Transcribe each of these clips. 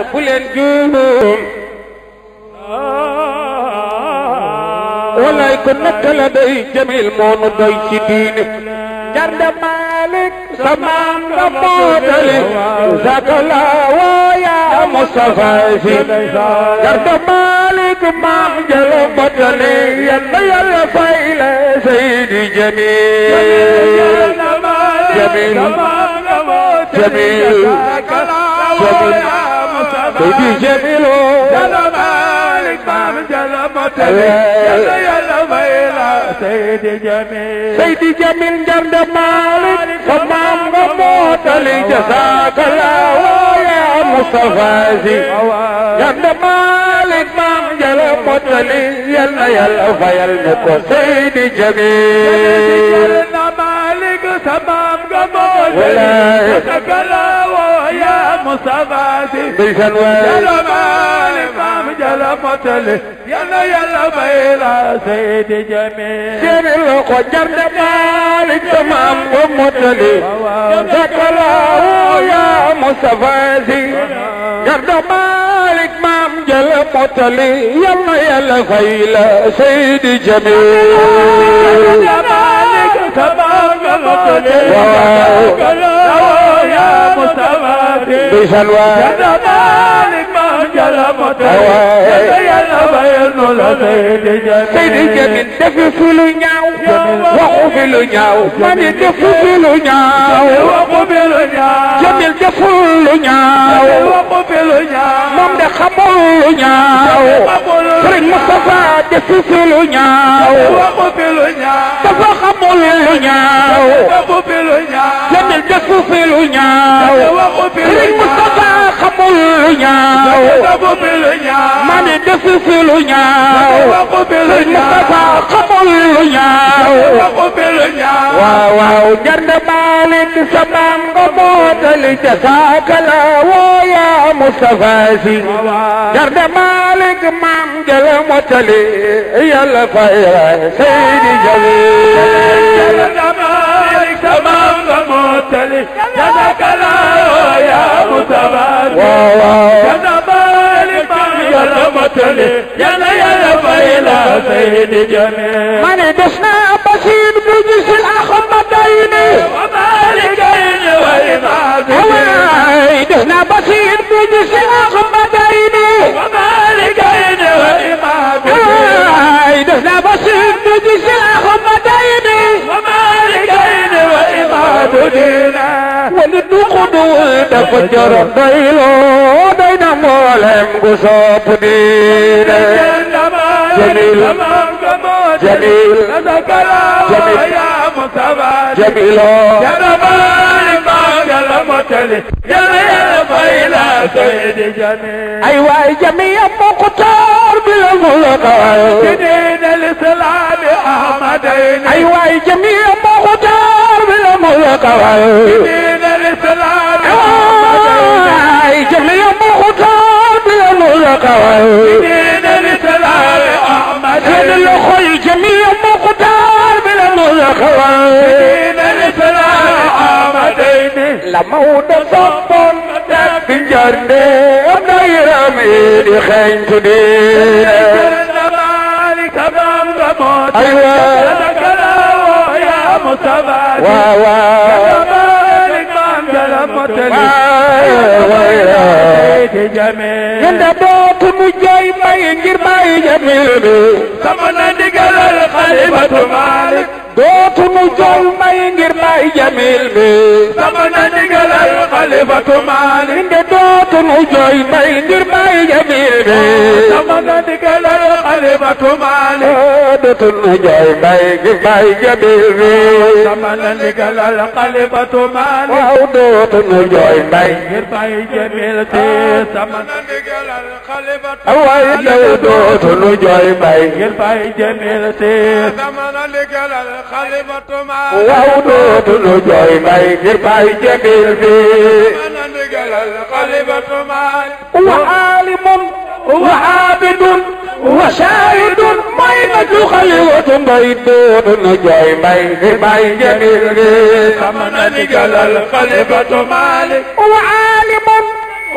xaar bu leen juum walaay ko naka la day jamil moo nu doy ci diine jarde malik sa maam ba mootali sakala wooya mustafa si jarde malik maam jalo motali yal na yàlla fay la saydi jamil jamil jamil jamil سيدي جميل جل مالك باب جل مطلي جل يلا ويلا سيدي جميل سيدي جميل جل مالك ومام وموتلي جزاك الله يا مصطفى زي جل مالك مام جل مطلي يلا يلا ويلا سيدي جميل جل مالك سمام وتكلموا يا مصطفى بيشان يا الإمام جل مطلي يلا يلا بيلا سيد جميل سير القجر مالك تمام ومطلي تكلموا يا مصطفى جرد مالك مام جل مطلي يلا يلا خيلا سيد جميل مالك تمام waaw. Seydi Jamin defu fi lu ñaaw waxu fi lu ñaaw mani defu fi lu ñaaw Jamil defu lu ñaaw moom de xamul lu ñaaw Sëriñ Moustapha defu fi lu ñaaw dafa xamul lu ñaaw Jamil defu fi lu ñaaw Sëriñ Moustapha lu ñaaw mani def fi lu ñaaw Mustafa xamul lu ñaaw waaw waaw jënd Maalik sa maam nga mootali ca saaka la woo yaa Mustafa si jënd Maalik maam jëla mootali yàlla fay la Seydi Jalil jënd Maalik sa maam nga mootali ca saaka la يا متبادل يا مالك يا متلي يا يا فيلا سيد جميل من دشنا بشير بجيش الأخمدين ومالكين وإمامين دشنا بشير بجيش الأخمدين ومالكين وإمامين دشنا بشير بجيش الأخمدين ومالكين وإمامين nit du xudduwul dafa jara doyloo doy na mboolem gu sopp diine jamil jamil jamiloo ay waay jamiya muxtaar bi la mu la daal ay waay jamiya muxtaar لك وعي اي جمل يوم الخطاب يوم لك وعي كان الاخوي جميع مقدار بلا ملك وعي لموت صبر في الجنة ابن يرمي خين تدين أيوة المصطفى واو yenda bokk mu jooy may ngir bàyyi jamil bi sama na ndigalal xalifatu Malik dootu nu jooy may ngir may jamil bi waaye daw dootu nu jooy bay ngir bay jamil si waaw dootu nu jooy bay ngir bay jamil si wa alimun wa abidun wa shahidun may na ju xaliwatu mbay dootu nu jooy bay ngir bay jamil si wa alimun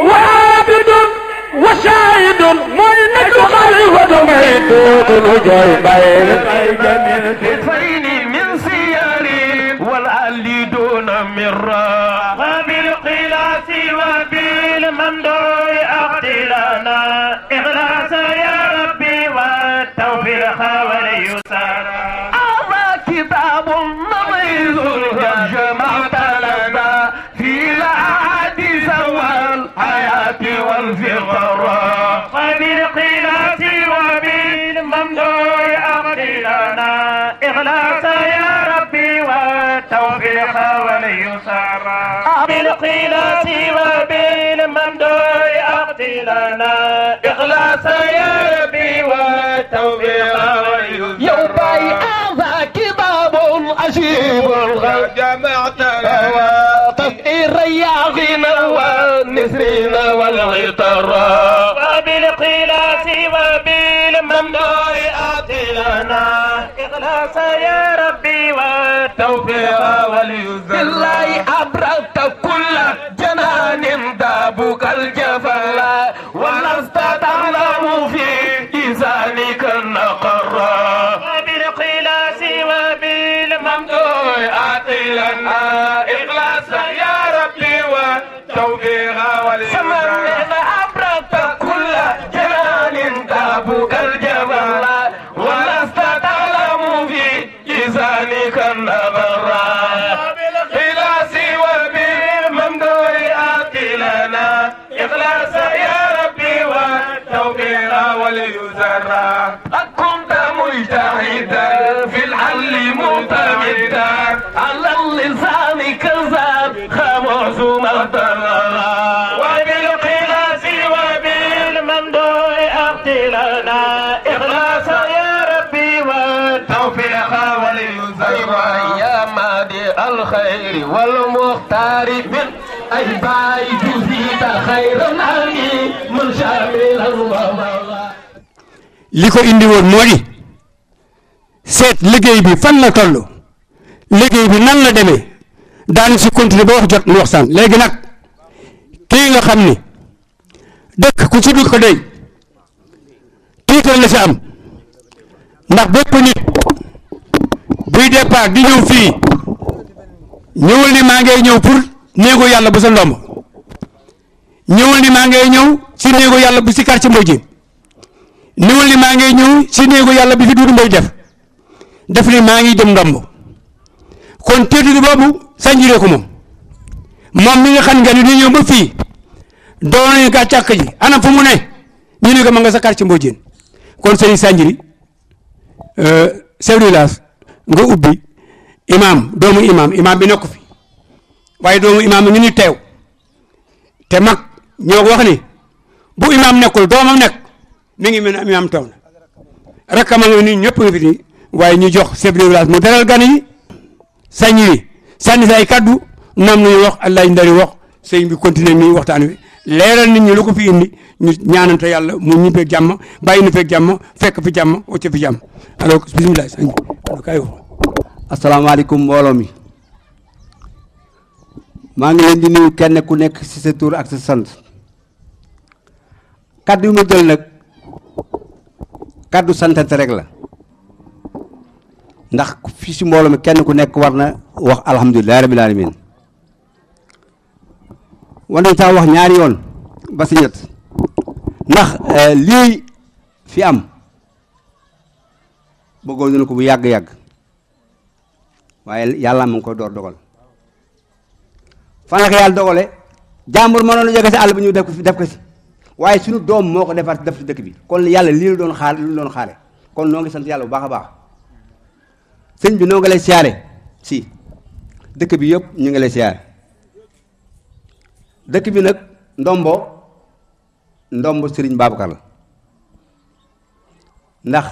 wa abidun وشاهد من نجم خليفة ميت وجاي بين واليسار بالقيلة وبالممدوح أقتلنا إخلاصا يا ربي والتوبة يوم هذاك باب عجيب جمعت الرياضين والنسرين والعطر وبالقلاس وبالممدوح أقتلنا إخلاصا يا ربي التوفيق وليزل بالله أبرأت كل جنان دابك الجنان على اللسان كذاب خاموس مغدر وبالقياس وبالممدوح اغتي لنا اخلاصا يا ربي والتوفيق وللزير يا مادي الخير والمختار من اجباي تزيد خيرا امين من شامل الله li ko indi woon moo di seet liggéey bi fan la toll liggéey bi nan la demee daan si continuer ba wax jot mu waxtaan léegi nag kii nga xam ni dëkk ku ci dugg ko dey tiital la si am ndax bépp nit buy départ di ñëw fii ñëwul ni maa ngay ñëw pour néegu yàlla bu sa ndomb ñëwul ni maa ngay ñëw si néegu yàlla bu si quartier Mbodj ñëwul ni maa ngay ñëw si néegu yàlla bi fi duudu mbay def def ni maa ngi dem ndomb kon titre boobu Sanjire ko moom moom mi nga xam nga ni du ñëw ba fii doon nañu kaa càkk ji ne ñu ne ko ma nga sa quartier kon sëriñ Sanjiri euh, chef de village nga ubbi imaam doomu imaam imaam bi nekk fi waaye doomu imaam ñu ni teew te mag ñoo wax ni bu imaam nekkul doomam nekk mi ngi mel ne imaam taw na rakkama nga ni ñëpp nga fi ni waaye ñu jox chef de village mu dalal gan yi sañ wi sànni say kaddu naam nañu wax allah ndari wax sëñ bi continuer nii waxtaan wi leeral nit ñi lu ko fi indi ñu ñaanante yàlla mu ñibbeeg jàmm bàyyi nu feeg jàmm fekk fi jàmm wacce fi jàmm alors bisimilah sëñ bi kay wax asalaamaaleykum mbooloo mi maa ngi leen di nuyu kenn ku nekk ci sa tur ak sa sant kaddu yu ma jël nag kaddu santante rek la ndax fi si mbooloo mi kenn ku nekk war na wax alhamdulilah rabil alamin wan nañ sax wax ñaari yoon ba si ñett ndax eh, lii fi am bëggoon nañu ko bu yàgg-yàgg waaye yàlla mu ngi koy door dogal fan la ko yàlla dogale jàmbur mënoon a jóge si àll bi ñu def ko def ko si waaye suñu doom moo ko defar def si dëkk bi kon yàlla lii la doon xaar li doon xaare kon noo ngi sant yàlla bu baax a baax sëñ bi noo nga lay siyaare si dëkk bi yëpp ñu ngi lay siyaare dëkk bi nag ndombo ndombo sëriñ Babacar la ndax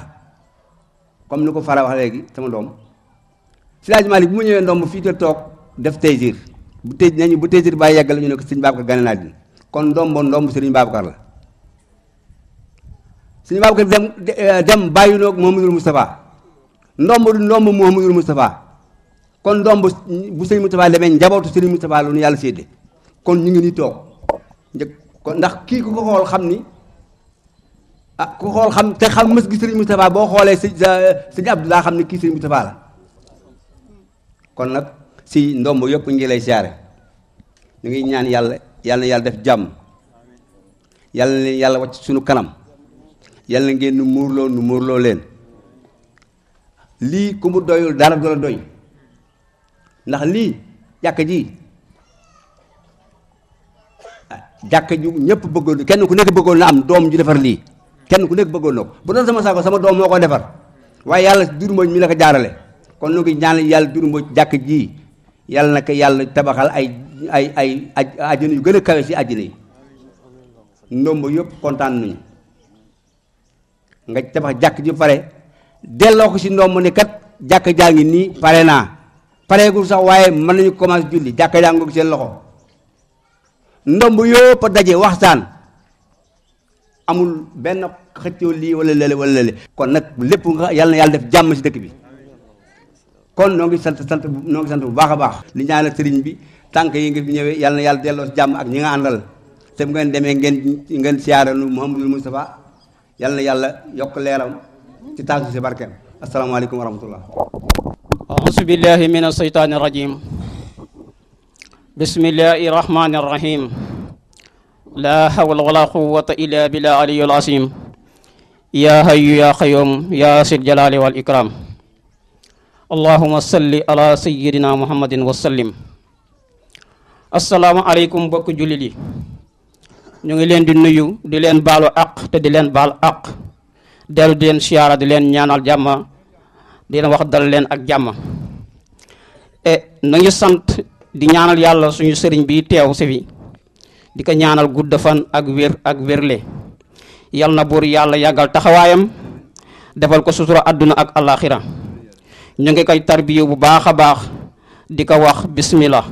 comme ni ko Fara wax léegi sama doom si laaj Malick bu mu ñëwee ndomb fii te toog def tey taysir bu tëj nañu bu taysir bàyyi yàgg la ñu ne ko sëriñ Babacar gane naa di kon ndombo ndomb sëriñ Babacar la sëriñ Babacar dem euh, dem bàyyi noog Mamadou Moustapha ndomb du ndomb Mouhamadou Moustapha kon ndomb bu sëriñ Moustapha demee njabootu sëriñ Moustapha lu nu yàlla séddee kon ñu ngi ni toog njëkk kon ndax kii ku ko xool xam ni ah ku xool xam te xam mës boo xoolee sëñ sëñ Abdoulaye xam ni kii sëriñ Moustapha la kon nag si ndomb yëpp ngi lay siyaare ñu ngi ñaan yàlla yàlla na yàlla def jàmm yàlla na leen yàlla wàcc suñu kanam yàlla na ngeen nu muurloo nu muurloo leen lii ku mu doyul dara du doy ndax lii jàkk ji jàkk ju ñëpp bëggoon kenn ku nekk bëggoon na am doom ju defar lii kenn ku nekk bëggoon na ko bu doon sama saako sama doom moo ko defar waaye yàlla Doudou Mbodj mi la jaarale kon nu ngi ñaan yàlla Doudou Mbodj jàkk ji yàlla na yàlla tabaxal ay ay ay aj ajjana yu gën a kawe si ajjana yi ndomb yëpp kontaan nañu nga tabax jàkk ji pare delloo ko si ndoom mu ne kat jàkka jaa ngi nii pare naa pareegul sax waaye mën nañu commencé julli jàkka jaa ko seen loxo ndomb yëpp a daje waxtaan amul benn xëccoo lii wala lële wala lële kon nag lépp nga yàlla yàlla def jàmm si dëkk bi kon noo ngi sant sant noo ngi sant bu baax a baax li ñaanal sëriñ bi tànk yi nga fi ñëwee yàlla na yàlla delloo si jàmm ak ñi nga àndal te bu ngeen demee ngeen ngeen siyaaranu Mouhamadul Moustapha yàlla na yàlla yokk leeram ci taas ci barkeem asalaamaaleykum wa rahmatullah auzu min asheytaani rajim bismillahi rahmani la hawla wala quwata illa billah aliyul asim ya hayyu ya qayyum ya sil jalali wal ikram allahuma ala sayidina muhammadin wa sallim asalaamaaleykum mbokk jullit ñu ngi leen di nuyu di leen baalu àq te di leen baal àq dellu di leen siyaara di leen ñaanal jàmm di leen wax dal leen ak jàmm e sant di ñaanal yàlla suñu sëriñ bi teew si fi di ko ñaanal gudd fan ak wér ak wérle yal na buur yàlla yàggal taxawaayam defal ko sutura àdduna ak alaxira ñu ngi koy tarbiya bu baax a baax di ko wax bismillah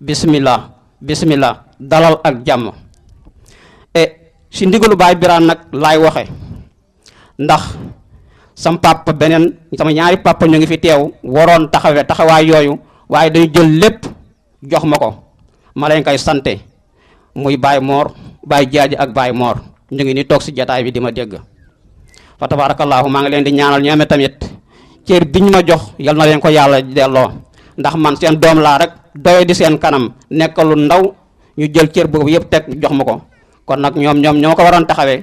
bismillah bismillah dalal ak jàmm e si ndigalu baay biraan nag laay waxe ndax sam papa beneen sama ñaari pàpp ñu ngi fi teew waroon taxawe taxawaay yooyu waaye dañu jël lépp jox ma ko ma leen koy sante muy Baye moor Baye Diadji ak Baye moor ñu ngi ni toog si jataay bi di ma dégg fa tabaarakallaahu maa ngi leen di ñaanal ñoome tamit cër bi ñu ma jox yal na leen ko yàlla delloo ndax man seen doom laa rek doye di seen kanam nekk ndaw ñu jël cër boobu yëpp teg jox ma ko kon nag ñoom ñoom ñoo ko waroon taxawee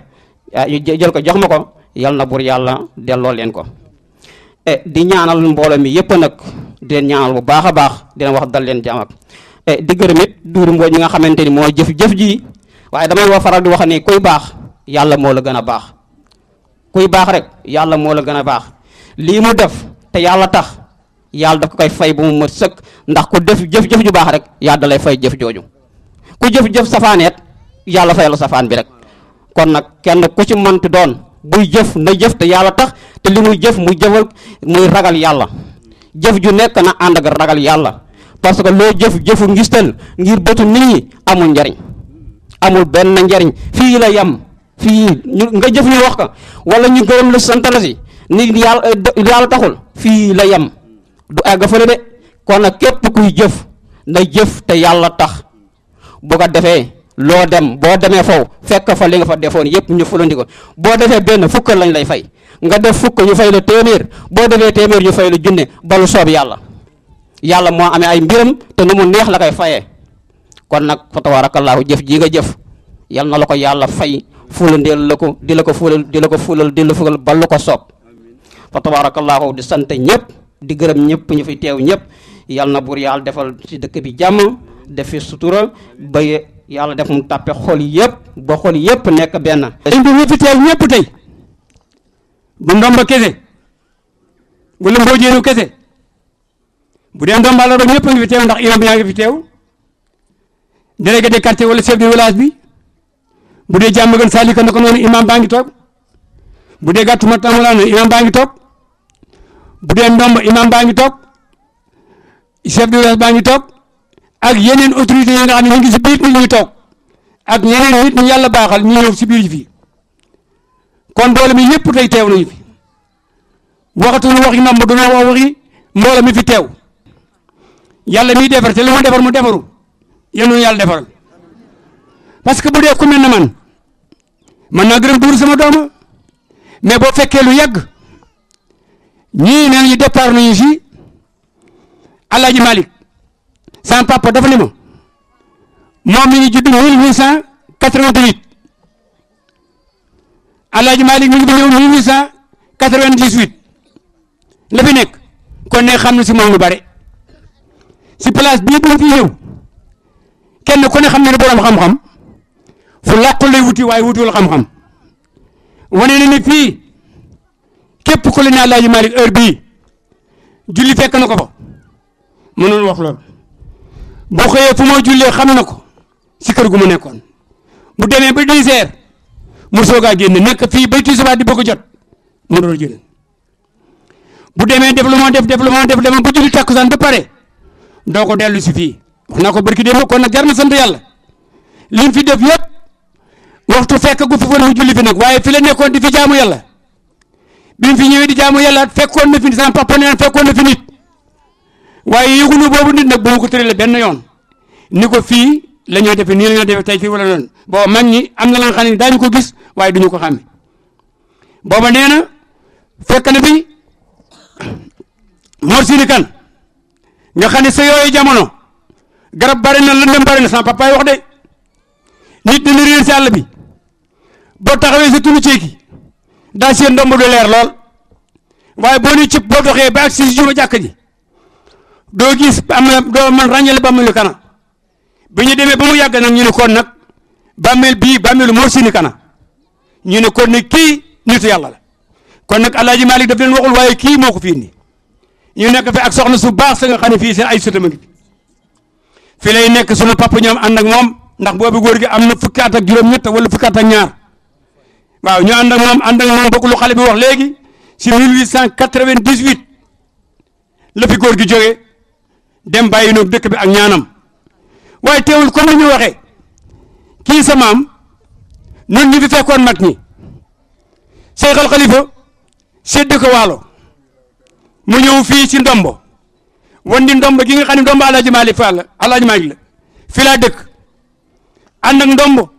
ah, ñu jël jox ma ko yal na bur yàlla delloo leen ko e, di ñaanal mbooloo mi yëpp nag di leen ñaanal bu baax a baax di wax dal leen jàmm e, di gërëm it duuru mbooy ñi nga xamante ni moo jëf-jëf ji waaye damay wa faral di wax ni kuy baax yàlla moo la gën a baax kuy baax rek yàlla moo la gën a baax lii mu def te yàlla tax yàlla daf koy fay bu mu mët sëkk ndax ko def jëf-jëf ju baax rek yàlla da lay fay jëf jooju ku jëf-jëf safaaneet yàlla la safaan bi rek kon nag kenn ku ci mënt doon buy jëf na jëf te yàlla tax te li muy jëf mu jëfal muy ragal yàlla jëf ju nekk na ànd ak ragal yàlla parce que loo jëf jëfu ngistal ngir bëtu nit ñi amul njariñ amul benn njariñ fii la yem fii nga jëf ñu wax ko wala ñu gërëm la sant la si ni yàlla yàlla taxul fii la yem du àgg de kon nag képp kuy jëf na jëf te yàlla tax bu ko defee loo dem boo demee foofu fekk fa li nga fa defoon yëpp ñu fulandi ko boo defee benn fukk lañ lay fay nga def fukk ñu fay la téeméer boo defee téeméer ñu fay la junne balu soob yàlla yàlla moo amee ay mbiram te nu mu neex la koy fayee kon nag fa tabaarakallaahu jëf ji nga jëf yal na la ko yàlla fay fulandeel la ko di la ko fulal di la ko fulal di la fulal balu ko soob fa tabaarakallaahu di sant ñëpp di gërëm ñëpp ñu fi teew ñëpp yàlla na buur yàlla defal ci dëkk bi jàmm def yàlla def mu tàppe xol yëpp ba xol yëpp nekk benn. dañ ko ñi fi teew ñëpp tey bu ndomba kese wala mboojeenu kese bu dee ndomba la doon ñëpp a ngi fi teew ndax imam yaa ngi fi teew délégué de quartier wala chef de bi bu dee jàmm gën saalika na ko imam baa ngi toog bu dee gàttu ma laa imam baa ngi toog bu dee ndomba imam baa ngi toog chef baa ngi toog. ak yeneen autorités yi nga xam ne ñu ngi si biir nit ñuy toog ak yeneen nit ñu yàlla baaxal ñu ñëw si biir yi fi kon mbooloo mi yëpp tey teew nañu fi waxatuñu waxi namb du mi fi teew yàlla miy defar te mu defar mu defaru yéen ñu yàlla defaral parce que bu dee ku mel ne man mën naa gërëm duur sama dooma mais boo fekkee lu yàgg ñii nee nañu départ nañu si Alaaji Malick sama papa dafa ne moom mi ngi judd mille huit cent quatre-vingt-huit Alaaji Malik mi ngi judd mille huit cent quatre-vingt-dix-huit la nekk kon ne xam na si moom lu bare si place bii bu fi ñëw kenn ku ne xam ne ne borom xam-xam fu làqu lay wuti waaye wutiwul xam-xam wane na ne fii képp ku la ne Alaaji Malik heure bii julli fekk na ko fa mënul wax loolu boo xëyee fu ma jullee xam na ko si kër gu mu nekkoon bu demee ba dix heures mu soog a génn nekk fii ba tisbaar di bëgg a jot mu door a génn bu demee def lu ma def def lu ma def dama ba julli takkusaan ba pare doo ko dellu si fii wax naa ko barki démb kon nag jar na sant yàlla li fi def yëpp waxtu fekk gu fi woon mu julli fi nag waaye fi la nekkoon di fi jaamu yàlla bi mu fi ñëwee di jaamu yàlla fekkoon na fi sama papa nee na fekkoon na fi waaye yëgunu boobu nit nag boo ko tëralee benn yoon ni ko fii la ñuy defee nii la ñuy defee tey fii wala loolu booba mag ñi am na la nga daañu ko gis waaye duñu ko xàmme booba nee na fekk na fi Mor Sini nga xam ne sa yooyu jamono garab bari na lëndëm bari na sama papa wax de nit dina réer si àll bi boo taxawee sa tunu ki daa seen ndomb du leer lool waaye boo ni cëpp boo doxee ba ak si juma jàkk ji doo gis am na doo man ràññale bàmmeelu kana bi ñu demee ba mu yàgg nag ñu ne kon nag bàmmeel bii bàmmeelu Mor Sini Kana ñu ne kon nag kii nitu yàlla la kon nag El Hadj Malick daf den waxul waaye kii mooku ko fi ñu nekk fi ak soxna su baax sa nga xam ne fii seen ay sëtama ngi fi lay nekk sunu papa ñoom ànd ak moom ndax boobu góor gi am na fukki at ak juróom-ñett wala fukki at ñaar waaw ñu ànd ak moom ànd ak moom bokk lu xale bi wax léegi si 1898 la fi góor gi jógee. dem bàyyi noog dëkk bi ak ñaanam waaye teewul comme ni ñu waxee kii sa maam ñun ñu fekkoon mag ñi Cheikh Al Khalifa sédd ko waalo mu ñëw fii ci ndombo wan di ndombo gi nga xam ne ndombo Alaaji Maalik Fall Alaaji Maalik la fi laa dëkk ànd ak ndombo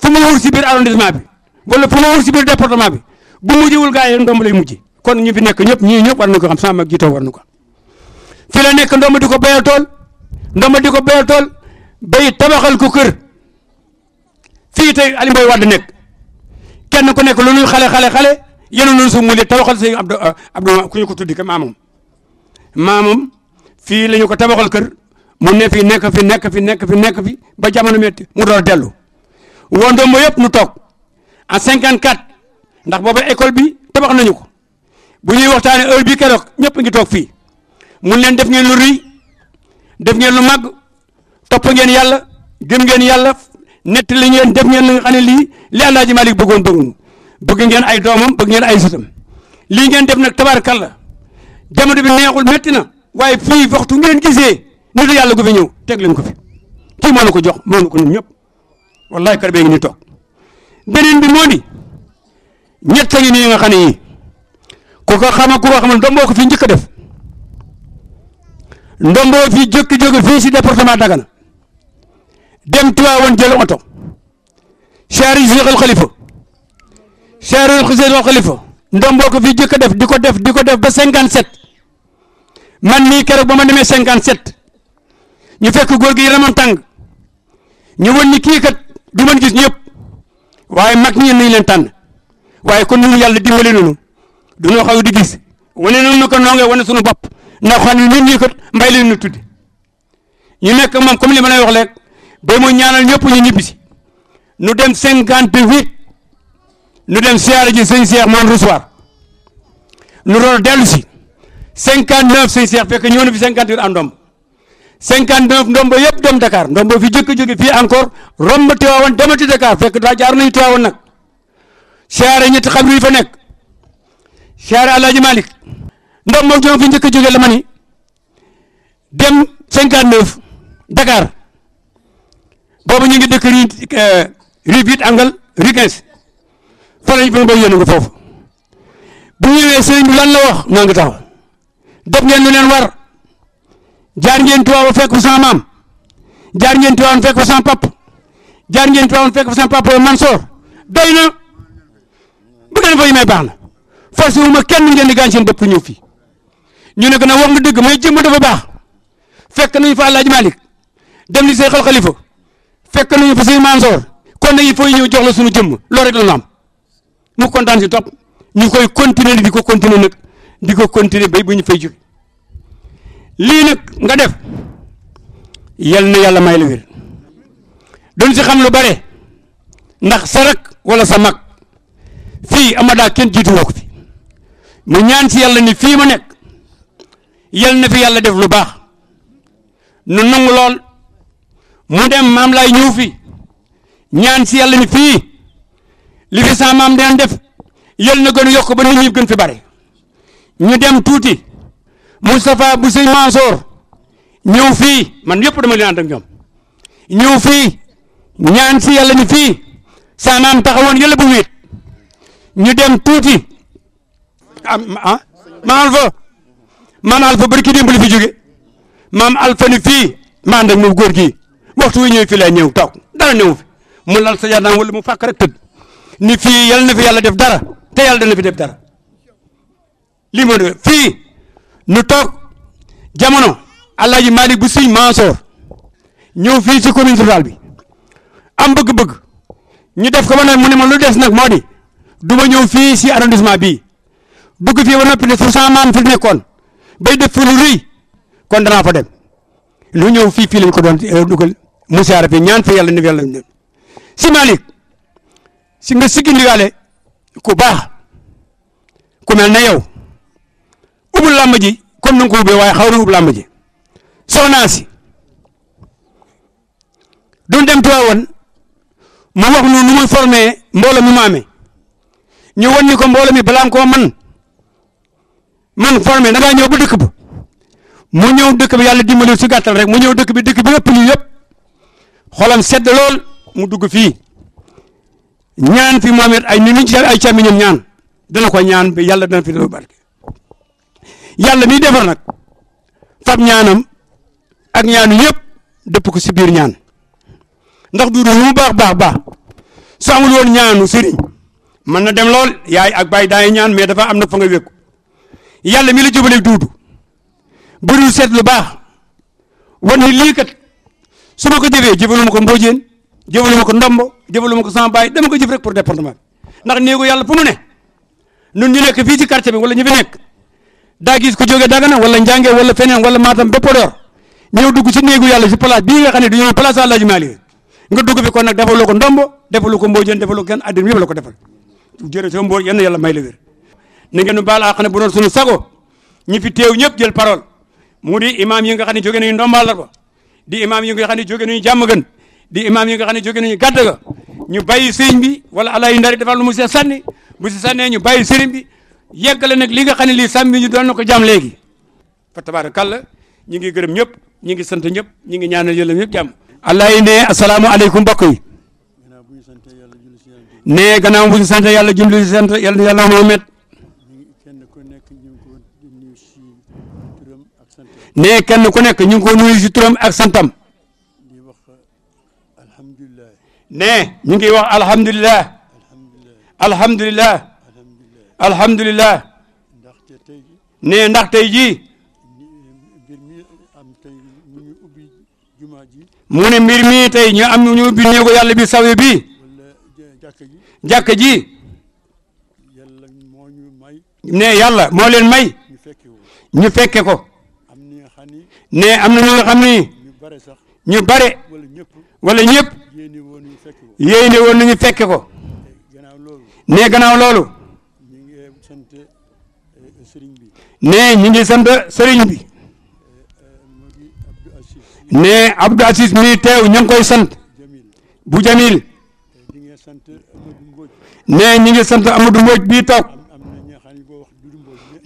fu ma wër ci biir bi wala fu ma wër ci biir département bi bu mujjewul gaa yi ndombo lay mujj kon ñu fi nekk ñëpp ñii ñëpp war na ko xam sama mag ji taw na ko fi la nekk ndooma di ko béyal tool ndooma di ko béyal tool bay tabaxal ko kër fii tey Aliou Mboy Wade nekk kenn ku nekk lu ñuy xale xale xale yéen a ngi su mu ne tabaxal sëñ Abdou euh, Abdou ku ñu ko tuddi ka maamam maamam fii la ñu ko tabaxal kër mu ne fi nekk fi nekk fi nekk fi ba jamono metti mu door dellu woon ndooma yëpp nu toog a en 54 ndax booba école bi tabax nañu ko bu ñuy waxtaanee heure bi keroog ñëpp ngi toog fii. mun leen def ngeen lu rëy def ngeen lu màgg topp ngeen yàlla gëm ngeen yàlla nett li ngeen def ngeen li nga xam ne lii li Alaaji Malik bëggoon bëggoon ngeen ay doomam bëgg ngeen ay sëtam lii ngeen def nag tabaarakalla jamono bi neexul metti na waaye fii waxtu ngeen gisee nitu yàlla gu fi ñëw teg leen ko fi kii moo la ko jox moo la ko ñun ñëpp wallahi kar ngi ni toog beneen bi moo di ñett ngi nii nga xam ne yii ku ko xama ku ko xamal doo moo ko fi njëkk a def ndomboo fi jókki-jókki fii si département Dagana dem Tiwaawan jël oto chari Seexal Xalifa chari Seexal Xalifa ndomboo ko fi jëkk a def di ko def di ko def ba 57 man mii kere ba ma demee 57 ñu fekk góor gi yaramam tàng ñu won ni kii kat du mën gis ñëpp waaye mag ñi nañ leen tànn waaye kon ñun yàlla dimbali nañu du ñu xaw di gis wane nañu ko noo ngi sunu suñu bopp. ndax xam ne ñun ñii kat mbay la ñu tudde ñu nekk moom comme li ma lay wax léegi ba mu ñaanal ñëpp ñu ñibbisi nu dem cinquante huit nu dem siyaare ji sëñ Cheikh moom recevoir nu doon dellu si cinquante neuf sëñ Cheikh fekk ñëw na fi cinquante huit en ndomb cinquante neuf ndomb yëpp dem Dakar ndomb fi jëkk jóge fii encore romb Tiwaawan demati Dakar fekk daa jaar nañu Tiwaawan nag siyaare ñetti xam yu fa nekk siyaare Alaaji Malick ndax moo ñoom fi njëkk a jógee la ma ni dem 59 Dakar boobu ñu ngi dëkk rue euh, rue 8 angle rue 15 fa la ñu ba yónni ko foofu bu ñëwee sëriñ bi lan la wax noo ngi taxaw def ngeen lu leen war jaar ngeen Tiwaawan fekk fa sama maam jaar ngeen Tiwaawan fekk fa sama pap jaar ngeen Tiwaawan fekk fa sama papa Mansoor doy na bu ngeen fa yemee baax na force wu ma kenn ngeen di gaañ seen dëpp ñëw fii. ñu nekk na nag nga dëgg mooy jëmm dafa baax fekk nañu fa Alaaji Malick dem li say xal xalifa fekk nañu fa say Mansoor kon nag il yi ñëw jox la suñu jëmm loolu rek la ñu mu kontaan si topp ñu koy continuer di ko continuer nag di ko continuer bay bu ñu fay jóge lii nag nga def yal na yàlla may la wér doon si xam lu bare ndax sa rak wala sa mag fii Amada kenn jiitu woo ko fi mu ñaan si yàlla ni fii ma nekk. yal na fi yàlla def lu baax nu nangu lool mu dem maam lay ñëw fi ñaan si yàlla ni fii li fi sa maam daan def yal na gën yokk ba nit ñi gën fi bare ñu dem tuuti Moustapha bu sëñ Mansour ñëw fii man yëpp dama leen ànd ñoom ñëw fii ñaan si yàlla ni fii sa maam taxawoon yàlla bu wéet ñu dem tuuti ah maal maam Alpha bari ki démb li fi jóge maam Alpha ni fii maa ndak moom góor gii waxtu wi ñëw fi lay ñëw toog dara ñëw fi mu lal sa yàlla wala mu fàkk rek tëdd ni fii yàlla na fi yàlla def dara te yàlla dana fi def dara lii moo de fii nu toog jamono Alaaji Malick bu Sëñ Mansoor ñëw fii si commune rurale bi am bëgg-bëgg ñu def ko ba nag mu ne ma lu des nag moo di ma ñëw fii si arrondissement bii bëgg fii ba noppi ne fu maam fi nekkoon bay def fa lu kon danaa fa dem lu ñëw fii fii lañ ko doon eh, dugal musaare fi ñaan fa yàlla ni yàlla ñu si Malick si nga siggindiwaale ku baax ku mel ne yow ubul làmb ji comme ni nga ko ubbee waaye xaw na ubbi làmb ji soxnaa si duñ dem mu wax nu nu muy formé mbooloo maame ñu wan ni ko mbooloo mi balaa man formé da ngaa ñëw ba dëkk ba mu ñëw dëkk bi yàlla dimbali si gàttal rek mu ñëw dëkk bi dëkk bi ëpp lii yëpp xolam sedd lool mu dugg fii ñaan fi Mohamed ay ni ay càmmiñam ñaan dana ko ñaan bi yàlla dana fi doon barke yàlla miy defar nag fab ñaanam ak ñaanu yëpp dëpp ko si biir ñaan ndax du mu baax baax baax su amul woon ñaanu sëriñ mën na dem lool yaay ak bàyyi daay ñaan mais dafa am na fa nga wékku yàlla mi la jubaleeg duudu bu dul seet lu baax wan ni lii kat su ma ko jëfee jëfalu ma ko mbóojeen jëfalu ma ko ndombo jëfalu ma ko sama baay dama ko jëf rek pour département bi ndax néegu yàlla fu mu ne nun ñu nekk fii ci quartier bi wala ñu fi nekk daa gis ko jógee Dagana wala Njànge wala feneen wala Matam ba Podor ñëw dugg ci néegu yàlla ci place bii nga xam ne du ñëw place Alaaji Maalik nga dugg fi kon nag defaloo ko ndombo defaloo ko mbóojeen defaloo ko kenn àddina yëpp la ko defal jërëjëf mbooj yenn yàlla may la wér na ngeen baal àq ne bu doon suñu sago ñi fi teew ñëpp jël parole mu di imaam yi nga xam ne jóge nañu ndombal la ba di imaam yi nga xam ne jóge nañu jàmm gën di imaam yi nga xam ne jóge nañu gàdd ga ñu bàyyi sëriñ bi wala ala yi ndari defal lu mu si sànni bu si ñu bàyyi sëriñ bi yeggale nag li nga xam ne lii sàmm bi ñu doon na ko jàmm léegi fa tabaarakalla ñu ngi gërëm ñëpp ñu ngi sant ñëpp ñu ngi ñaanal yàlla ñëpp jàmm allah yi ne asalaamaaleykum mbokk yi ne gannaaw bu ñu sant yàlla julli sant yàlla yàlla Muhammad nee kenn ku nekk ñu ngi ko nuyu si turam ak santam nee ñu ngi wax alhamdulilah alhamdulilah alhamdulilah nee ndax tey jii mu ne mbir mii tey ñu am ñu ubbi néegu yàlla bi sawe bi jàkk ji ne yàlla moo leen may ñu fekke ko ne am na ñu nga xam ni ñu bare wala ñëpp yéene woon nañu fekke ko ne gannaaw loolu ne ñu ngi sant sëriñ bi ne Abdou Aziz mi teew ñu koy sant bu Jamil ne ñu ngi sant Amadou Mbodj bii toog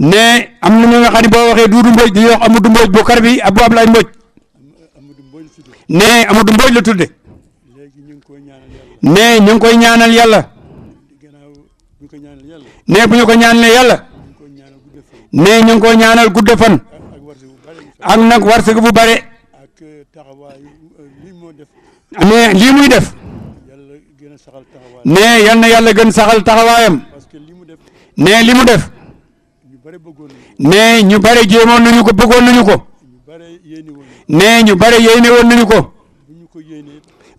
ne am na ñu nga xam ne du waxee Duudu Mbóoj dañuy wax Amadou Mbóoj bu kar bi Abou Ablaye Mbóoj ne Amadou Mbóoj la tudde ne ñu ngi koy ñaanal yàlla ne bu ñu ko ñaanalee yàlla ne ñu ngi koy ñaanal gudde fan ak nag warsagu bu bare ne lii muy def ne yal na yàlla gën saxal taxawaayam ne li mu def ne ñu bare na ñu ko bëggoon nañu ko ne ñu bare yéene woon nañu ko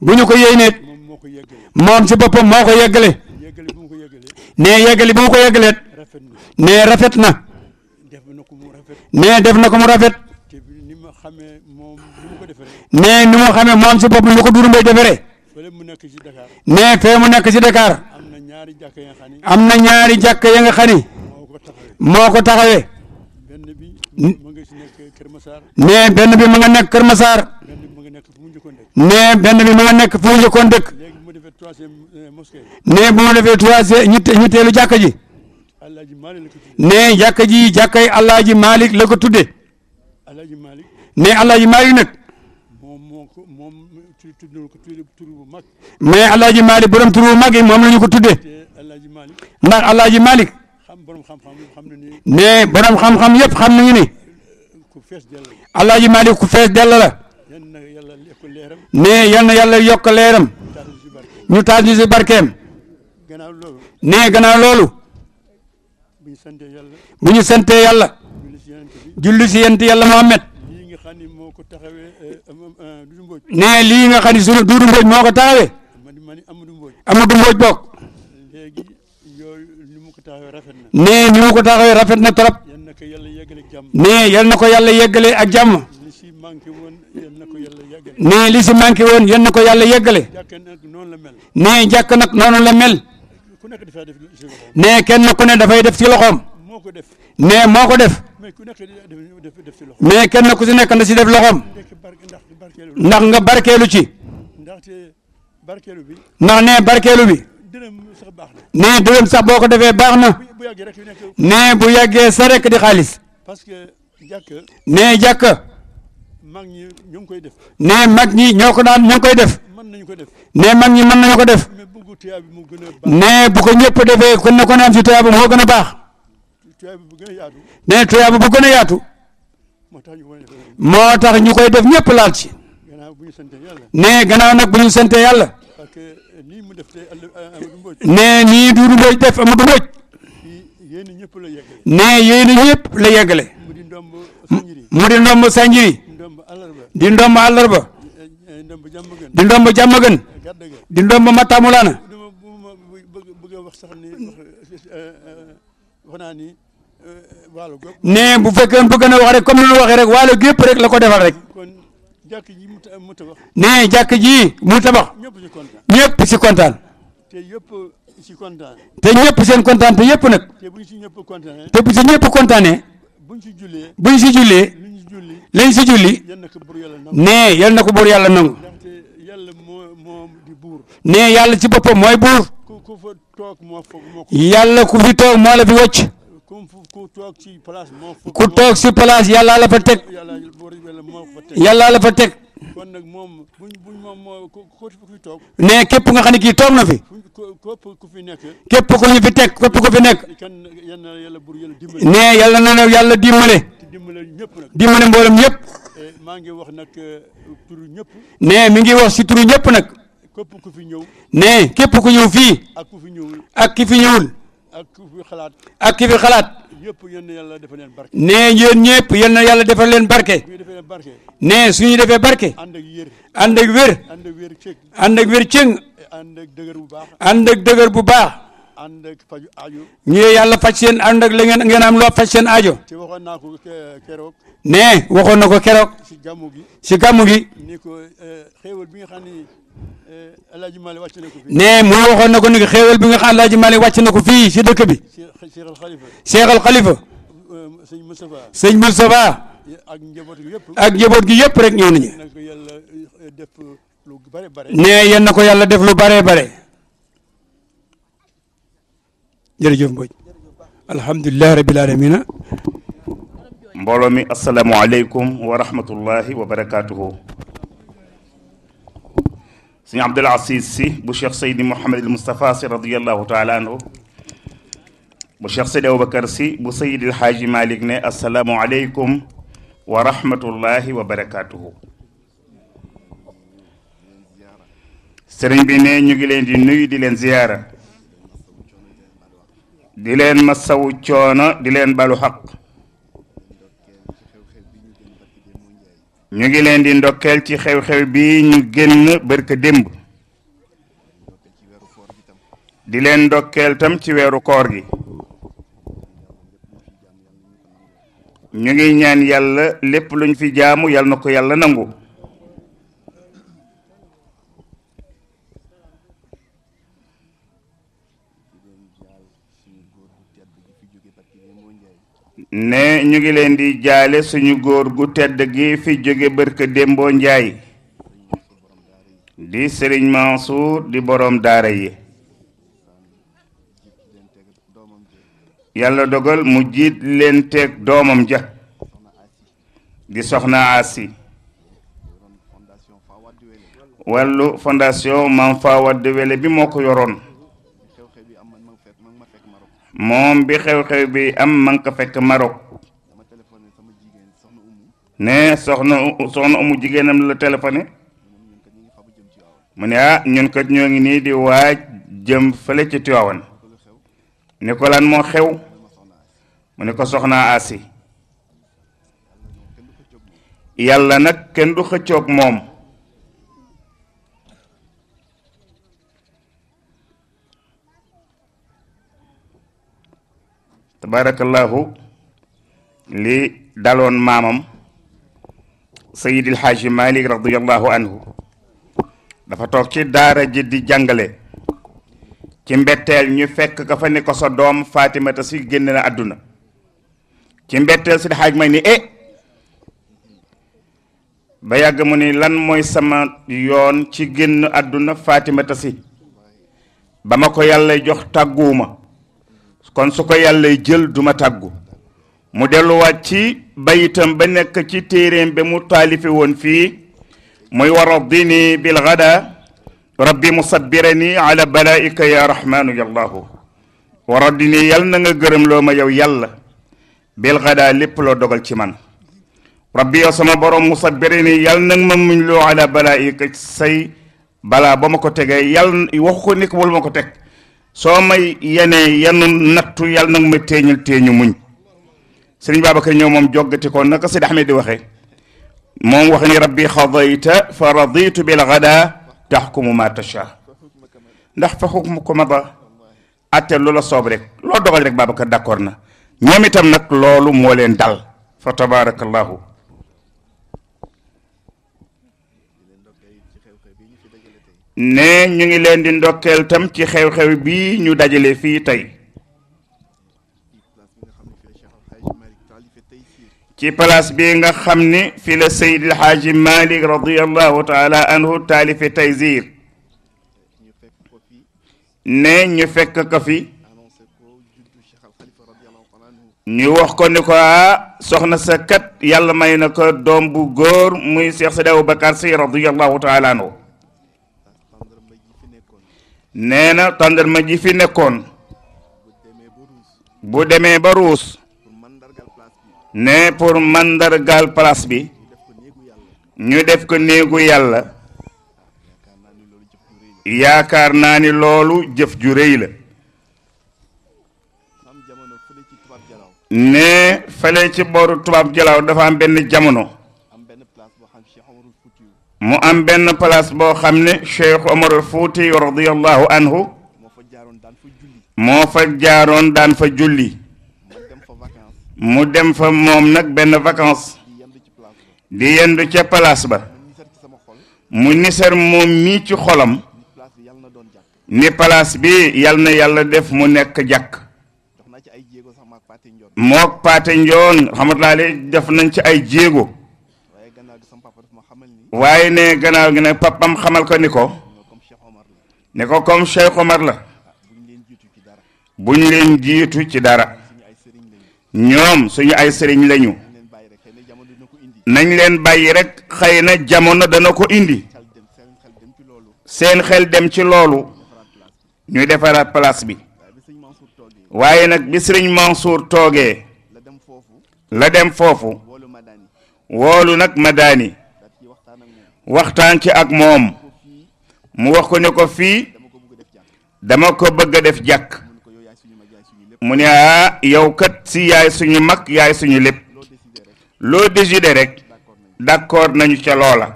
bu ñu ko yéeneet moom si boppam moo ko yeggale ne yeggali bu mu ko yeggaleet ne rafet na ne def na ko mu rafet ne ni mu xamee moom si boppam lu ko Doudou Mbaye defaree ne fee mu nekk si Dakar am na ñaari jàkk ya nga xam ni moo ko taxawee ne benn bi ma nga nekk Kër Massar ne benn bi ma nga nekk fu mu njëkkoon dëkk euh, ne bu ma defee troisième ñi ñi teelu jàkka ji ne jàkka ji jàkkay Alaaji Malick la ko tuddee ne Alaaji Malick nag mais Alaaji Malick borom tur bu mag yi moom la ñu ko tuddee ndax Alaaji Malick ne borom xam-xam yëpp xam nañu ni Alaaji Maalik ku fees dell la ne yal na yàlla yokk leeram ñu taal ñu si barkeem ne gana loolu bu ñu santee yàlla julli si yent yàlla Muhammad ne lii nga xam ne sunu Duudu Mbooj moo ko taxawee Amadou Mbooj bokk nee ni mu ko taxawee rafet na trop nee yal na ko yàlla yeggale ak jàmm nee li si manqué woon yal na ko yàlla yeggale nee jàkk nag noonu la mel nee kenn ku ne dafay def ci loxoom nee moo ko def mais kenn ku si nekk na si def loxoom ndax nga barkeelu ci ndax nee barkeelu bi. dërëm nee dërëm sax boo ko defee baax na nee bu yàggee sa rek di xaalis nee jàkka nee mag ñi ñoo ko daan ñu ngi koy def nee mag ñi mën nañu ko def nee bu ko ñëpp defee kon na ko naan ci tuyaaba moo gën a baax nee tuyaaba bu gën a yaatu moo tax ñu koy def ñëpp laal ci nee gannaaw nag bu ñu sentee yàlla. nee nii Doudou Mbodj def Amadou Mbodj nee yéen ñëpp la yeggale mu di ndomb Sanjiri di ndomb àllarba di ndomb eh, eh, jàmmagën di ndomb Matamulana eh, nee bu fekkee bëgg na wax rek ni mu rek waalo gépp rek la ko defal rek. jàkk ji mu tabax nee jàkk ji mu tabax ñëpp si kontaan te ñëpp si kontaan te ñëpp seen kontaan te yëpp nag te bu si ñëpp kontaanee te bu si ñëpp kontaanee buñ si jullee buñ si jullee lañ si julli nee yal na ko buur yàlla nangu nee yàlla ci boppam mooy buur yàlla ku fi toog moo la fi wocc ku toog ci place ku toog ci place yàlla la fa teg yàlla la fa teg ne képp nga xam ne kii toog na fi képp ku ñu fi teg képp ku fi nekk ne yàlla na ne yàlla dimbale dimbale mboolem eh, eh, ñëpp ne mi ngi wax ci turu ñëpp nag ne képp ku ñëw fii ak ki fi ñëwul. ak ku fi xalaat. ak ku xalaat. ñëpp yéen yàlla defal leen barke. nee yéen ñëpp yéen na yàlla defal leen barke. nee su ñu defee barke. ànd ak wér. ànd ak wér. ànd ak wér cëng. ànd ak dëgër bu baax. ànd ak dëgër bu baax. ànd ak faju aajo. yàlla faj seen ànd ak la ngeen ngeen am loo faj seen aajo. te waxoon naa ko keroog. nee waxoon na ko keroog. si gàmmu gi. si gàmmu gi. ni ko eh, xéewal bi Eh, ne mu waxoon na ko ni xéewal bi nga xam Alaaji Maalik wàcc na ko fii si dëkk bi Cheikh Al Khalifa eh, sëñ Moustapha ak njaboot gi yëpp rek ñëw nañu ne yéen na ko yàlla def lu bare bare jërëjëf Mbodj alhamdulilah rabil alamina mbooloo mi asalaamaaleykum wa rahmatullahi wa barakaatuhu sëñ Abdul Aziz si bu Cheikh Seydi Mouhamadul Moustapha si radiyallahu taala anhu bu Cheikh Seydi Aboubacar si bu Seydil Haaji Malick ne asalaamu aleykum wa wa barakaatuhu. sëriñ bi ne ñu ngi leen di nuyu di leen ziyaara. di leen masawu coono di leen balu xaq. ñu ngi leen di ndokkeel ci xew-xew bi ñu génn barka démb di leen ndokkeel tam ci weeru koor gi ñu ngi ñaan yàlla lépp luñ fi jaamu yàlla na ko yàlla nangu ne ñu ngi leen di jaale suñu góor gu tedd gi fi jóge bërka démboo njaay di sëriñ Mansour di boroom daara yi yàlla dogal mu jiit leen teeg doomam ja di soxna asi wàllu fondation Mame Fawade Wellé bi moo ko yoroon moom bi xew-xew bi am ma nga ko fekk Maroc ne soxna soxna umu jigéenam la téléphoné mu ne ah ñun kat ñoo ngi nii di waaj jëm fële ci Tiwaawan ne ko lan moo xew mu ne ko soxnaa asi yàlla nag kenn du xëccoog moom tabaarakallaahu li daloon maamam sayidil xaaji malik radiallahu anhu dafa toog ci daara ji di jàngale ci mbetteel ñu fekk ka fa ni ko sa doom fatimata si na àdduna ci mbetteel si di xaaj may ni e ba yàgg mu ni lan mooy sama yoon ci génn àdduna fatimata ba ma ko yàlla jox tàgguwuma kon su ko yàllay jël duma tàggu mu delluwaat ci bayitam ba nekk ci téeréem ba mu taalifi woon fii mooy muy waradini bil gada rabbi musabbirani ala balaika ya rahmanu yallahu waradini yal na gërëm loo ma yow yàlla bil gada lépp loo dogal ci man rabbi yow sama borom mu yal na nga ma muñ loo ala balaika say balaa ba ma ko tegee yal waxu ko nekk wala ma ko teg soo may yenee yenn nattu yàlla nag ma téeñal teeñu muñ sëriñ Babacar ñëw moom joggati ko naka Sidi Ahmed di waxee moom wax ni rabbi xadayta fa raditu bil gada taxkumu ma tacha ndax fa xukmuko ma ba atte lu la soob rek loo dogal rek Babacar d'accord na ñoom itam nag loolu moo leen dal fa tabarakallahu ne ñu ngi leen di ndokkeel tam ci xew-xew bii ñu dajale fii tey ci palaas bi nga xam ni fi la Seydil Haaji Malik radiallahu taala anhu taalife Taysir ne ñu fekk ko fi ñu wax ko ni ko a ah, soxna sa kat yàlla may na ko doom bu góor muy Cheikh Sidi Aboubacar Sy radiallahu taala anhu nee na tàndarma ji fi nekkoon bu demee ba ruus ne pour mandargaal place bi ñu def ko néegu yàlla yaakaar naa ni loolu jëf ju rëy la ne fële ci boru tubaab jalaaw dafa am benn jamono mu am benn place boo xam ne Cheikh Omar Fuuti radiyallahu anhu moo fa jaaroon daan fa julli mu dem fa moom nag benn vacance di yendu ca place ba mu nisar moom mii ci xolam ni place bi yal na yàlla def mu nekk jàkk moo paate njoon xamatulaale def nañ ci ay jéego waaye ne gannaaw gi nag papam xamal ko ni ko ne ko comme Cheikh Omar la buñ leen jiitu ci dara ñoom suñu ay sëriñ lañu nañ leen bàyyi rek xëy na jamono dana ko indi seen xel dem ci loolu ñu defaraat place bi waaye nag bi sëriñ Mansour toogee la dem foofu woolu nag Madani waxtaan ci ak moom mu wax ko ne ko fii dama ko bëgg a def jàkk mu ne ah yow kat si yaay suñu mag yaay suñu lépp loo décidé rek d'accord nañu ca loola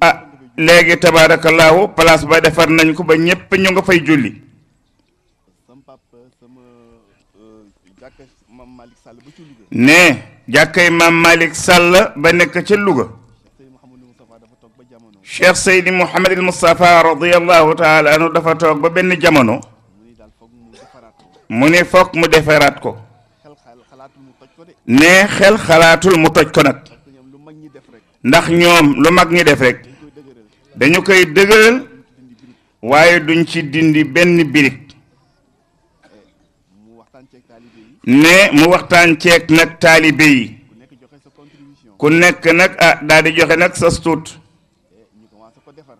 a ah, léegi tabaarakallaahu place ba defar nañ ko ba ñépp ñu nga fay julli ne jàkkay maam Malick Sall ba nekk ca Louga cheikh seydi mouhamadil moustapha radiallahu taala anu dafa toog ba benn jamono mu ne foog mu defaraat ko ne xel xalaatul mu toj ko nag ndax ñoom lu mag ñi def rek dañu koy dëgëral waaye duñ ci dindi benn birig ne mu waxtaan ceeg nag taalibe yi ku nekk nag a ah, daal di joxe nag sas tuut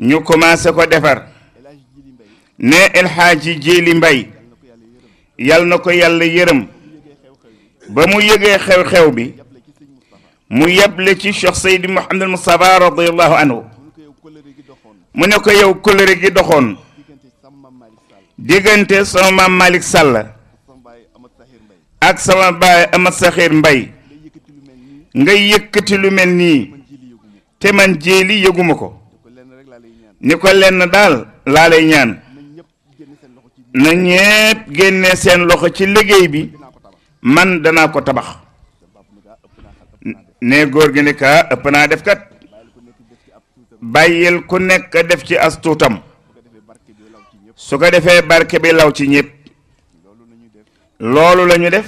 ñu commencé ko defar ne El Hadji Jéeli Mbay yal na ko yàlla yërëm ba mu yëgee xew-xew bi mu yeble ci Cheikh Seydi Mouhamadul Moustapha radiyallahu anhu mu ne ko yow kóllëre gi doxoon diggante sama maam Malick Sall ak sama baay Amat Saxiir Mbay nga yëkkati lu mel nii te man jéeli yëguma ko ni ko lenn daal laa lay ñaan na ñépp génne seen loxo ci liggéey bi man danaa ko tabax ne góor gi ni kaa ëpp naa def kat bàyyil ku nekk def ci as tuutam su ko defee barke bi law ci ñépp loolu la ñu def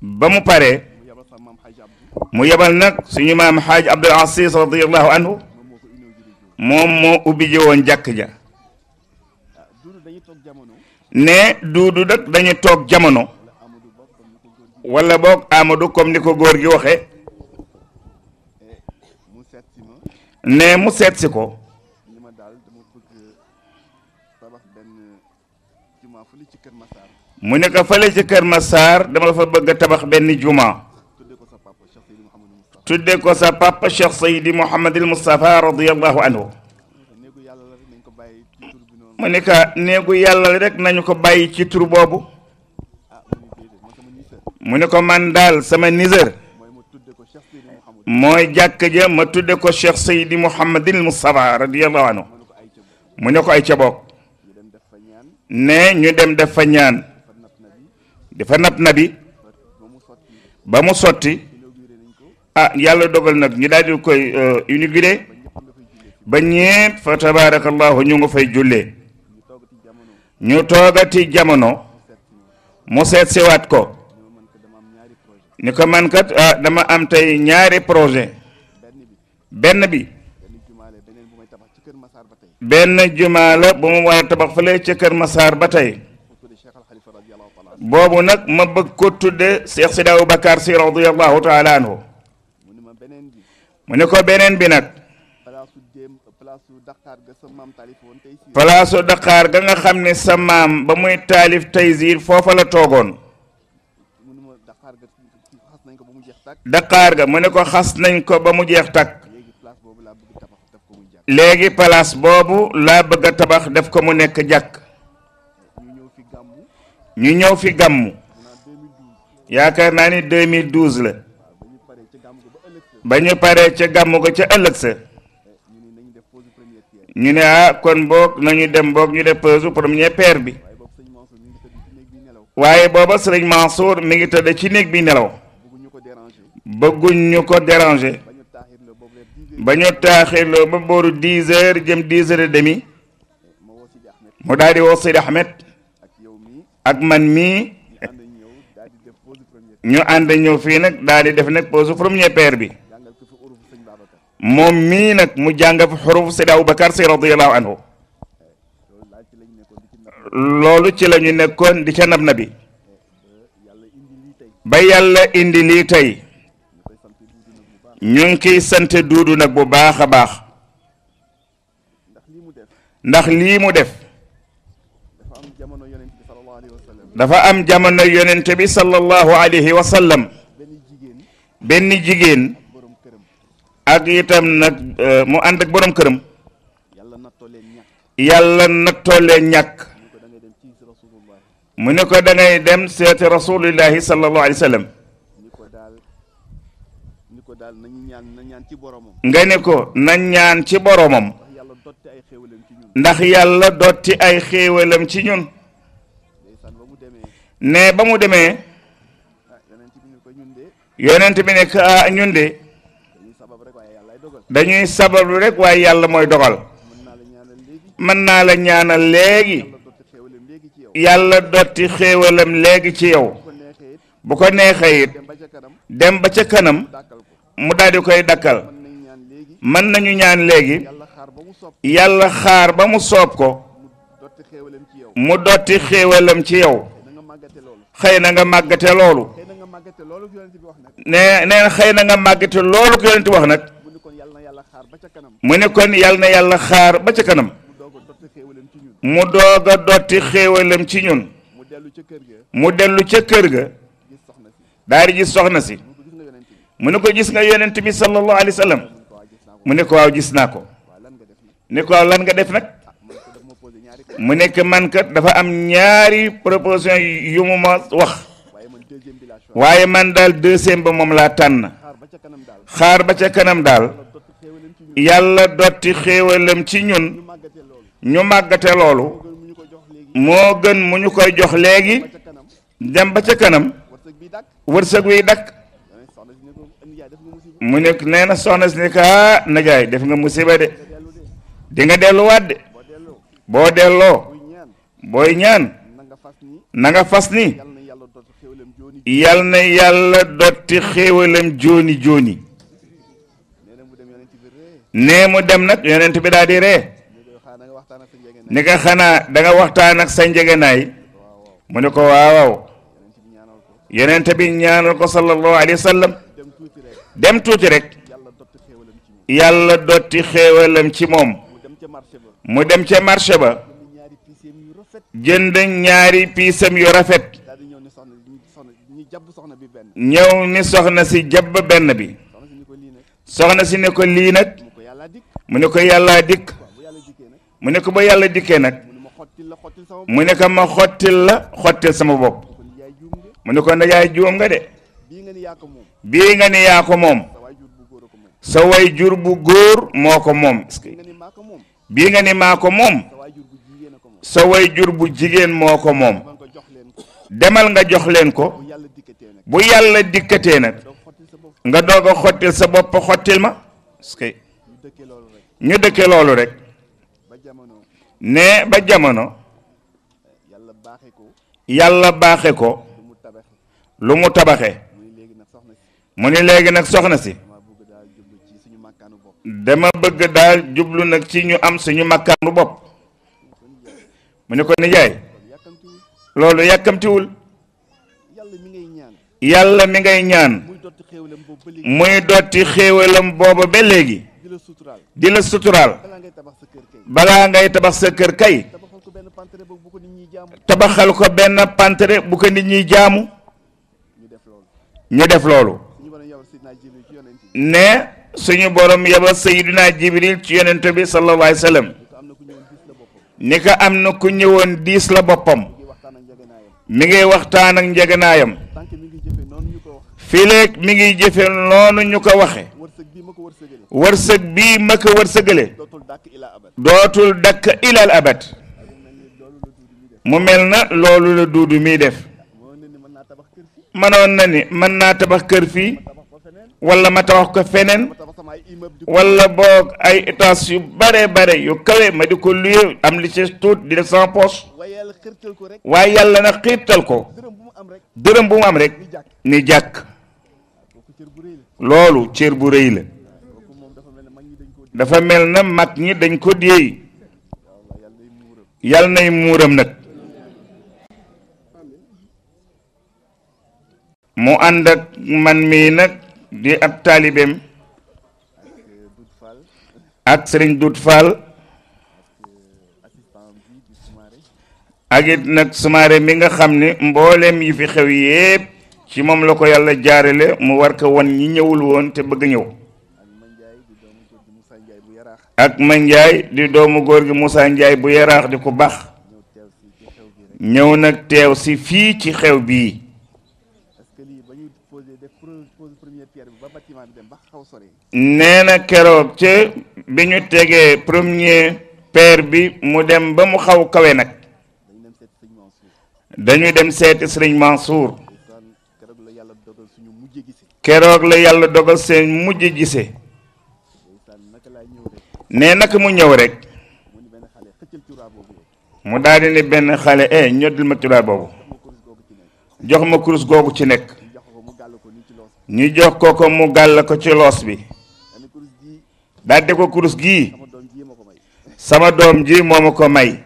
ba mu paree mu yebal nag suñu maam xaaj Abdul Aziz radiyallahu anhu moom moo ubbi ji woon jàkk ja ne duudu nag dañu toog jamono wala boog Amadou comme ni ko góor gi waxe ne mu seet si ko mu ne ko fële ci Kër Massar dama la fa bëgg a tabax benn jumaa tudde ko sa papa Cheikh Seydi Mouhamadil Moustapha radiyallahu anhu mu ne ka néegu yàlla rek nañu ko bàyyi ci tur boobu mu ne ko man daal sama niser mooy jàkk ja ma tudde ko Cheikh Seydi Mouhamadil Moustapha radiyallahu anhu mu ne ko ay ca bokk ne ñu dem def fa ñaan dafa nab nabi ba mu sotti ah yàlla dogal nag ñu daal di koy euh, inauguré ba ñeent fa tabaarakallahu ñu nga fay jullee ñu toogati jamono mu seet siwaat ko ni ko man kat ah dama am tey ñaari projet benn bi benn jumaa la bu mu war a tabax fële ca Kër Masaar ba tey boobu nag ma bëgg ko tudde Cheikh Sidi Aboubacar si radiyallahu taala anhu mu ne ko beneen bi nag palaasu daqaar ga nga xam ne sa maam ba muy taalif Taysir foofa la toogoon daqaar ga mu ne ko xas nañ ko ba mu jeex takk léegi palaas boobu laa bëgg a tabax def ko mu nekk jàkk ñu ñëw fi gàmmu yaakaar naa ni 2012 la ba ñu paree ca gàmmu ko ca ëllëg sa ñu ne ah kon boog nañu dem boog ñu def pose première pierre bi waaye booba sëriñ Mansour mi ngi tëdd ci néeg bi nelaw bëgguñ ñu ko déranger ba ñu taaxirloo ba booru dix heures jëm dix heures et demi mu daal di woo Sidi Ahmed ak man mii ñu ànd ñëw fii nag daal di def nag pose première pierre bi moom mii nag mu jàng fi xuruf Seydi Aboubacar Sy radiyallahu anhu loolu ci la ñu nekkoon di ca nab na bi ba yàlla indi lii tey ñu ngi koy sant duudu nag bu baax a baax ndax lii mu def dafa am jamono yonente bi sallallahu alayhi wa sallam benn jigéen ak itam nag euh, mu ànd ak boroom këram yàlla nattoo leen ñàkk mu ne ko da dem seeti rasulillahi sallallahu alayhi wa sallam nga ne ko na ñaan ci boromam ndax yàlla dotti ay xéewalam ci ñun ne ba mu demee ah, yonent bi ne ko ah, ñun de dañuy lu rek waaye yàlla mooy dogal mën naa la ñaanal léegi yàlla dotti xéewalam léegi ci yow bu ko neexee it dem ba ca kanam mu daal di koy dakkal mën nañu ñaan léegi yàlla xaar ba mu soob ko mu dotti xéewalam ci yow xëy na nga màggate loolu nee nee xëy na nga màggate loolu ko yonent wax nag mu ne kon yàlla na yàlla xaar ba ca kanam mu doog a dotti xéewalam ci ñun mu dellu ca kër ga daal di gis soxna si mu ne ko gis nga yonent bi sallallahu alayhi wa sallam mu ne ko waaw gis naa ko ne ko waaw lan nga def nag ah, mu nekk man kat dafa am ñaari proposition yu mu ma wax waaye man daal deuxième ba moom laa tànn xaar ba ca kanam daal yàlla dotti xéewalam ci ñun ñu màggate loolu moo gën mu ñu koy jox léegi dem ba ca kanam wërsëg wiy dakk mu nekk nee na soxna si ne ka ah, najaay def nga musiba de di nga delluwaat de boo delloo booy ñaan na nga fas ni yal na yàlla dotti xéewalam jooni jooni nee mu dem nag yonent bi daal di ree ni ko xanaa da nga waxtaan ak sa njegenaay mu ne ko waawaaw yonent bi ñaanal ko sallallahu alayhi wa sallam dem tuuti rek yàlla dotti xéewalam ci moom mu dem ca marché ba jënd ñaari piisam yu rafet ñëw ni soxna si jabb benn bi soxna si ne ko lii nag mu ne ko yàllaa dikk mu ne ko ba yàlla dikkee nag mu ne ko ma xottil la xottil sama bopp mu ne ko nag yaay juum nga de bii nga ne yaa ko moom sa way jur bu góor moo ko moom bii nga ne maa ko moom sa way jur bu jigéen moo ko moom demal nga jox leen ko bu yàlla dikkatee nag nga doog a xottil sa bopp xottil ma ñu dëkke loolu rek ne ba jamono yàlla baaxe ko lu mu tabaxe mu ni léegi nag soxna si dama bëgg daal jublu nag ci ñu am suñu makkaanu bopp mu ne ko nijaay loolu yàkkamtiwul yàlla mi ngay ñaan muy dotti xéewalam boobu ba léegi la suturaal. di la suturaal. balaa ngay tabax sa kër kay. tabaxal ko benn pantere bu ko nit ñiy jaamu. ñu def loolu. ne suñu borom yabal sayyidina jibril ci yonent bi sallallahu alayhi wa sallam. ni ko am na ku ñëwoon diis la boppam. mi ngi waxtaan ak njeganaayam. fileeg mi ngi jëfe noonu ñu ko waxe war wërsëg bii ma ko wërsëgale dootul dakk ilal abad mu mel na loolu la duudu miy def mënoon na ni mën naa tabax kër fii wala ma tabax ko feneen wala boog ay étages yu bare bare yu kawe ma di ko luye am li ci tuut di def sama poche waaye yàlla na xiirtal ko dërëm bu mu am rek ni jàkk loolu cër bu rëy la dafa mel na mag ñi dañ ko déey yal nay muuram nag mu ànd ak man mii nag di ab taalibeem ak sëriñ Dut Fall ak nag sumaare mi nga xam ne mbooleem yi fi xew yépp ci moom la ko yàlla jaarale mu war ko wan ñi ñëwul woon te bëgg ñëw ak ma njaay di doomu góor gi Moussa Njaay bu yaraax di ko baax ñëw nag teew si fii ci xew bii nee na keroog ca bi ñu tegee premier pierre bi mu dem ba mu xaw kawe nag dañu dem seeti Sëriñ suur keroog la yàlla dogal seen mujj gise ne naka mu ñëw rek mu daal di ne benn xale eh ñoddil ma curaa boobu jox ma kurus googu ci nekk ñu jox ko ko mu gàll ko ci loos bi daal di ko kurus gii sama doom ji moom ma ko may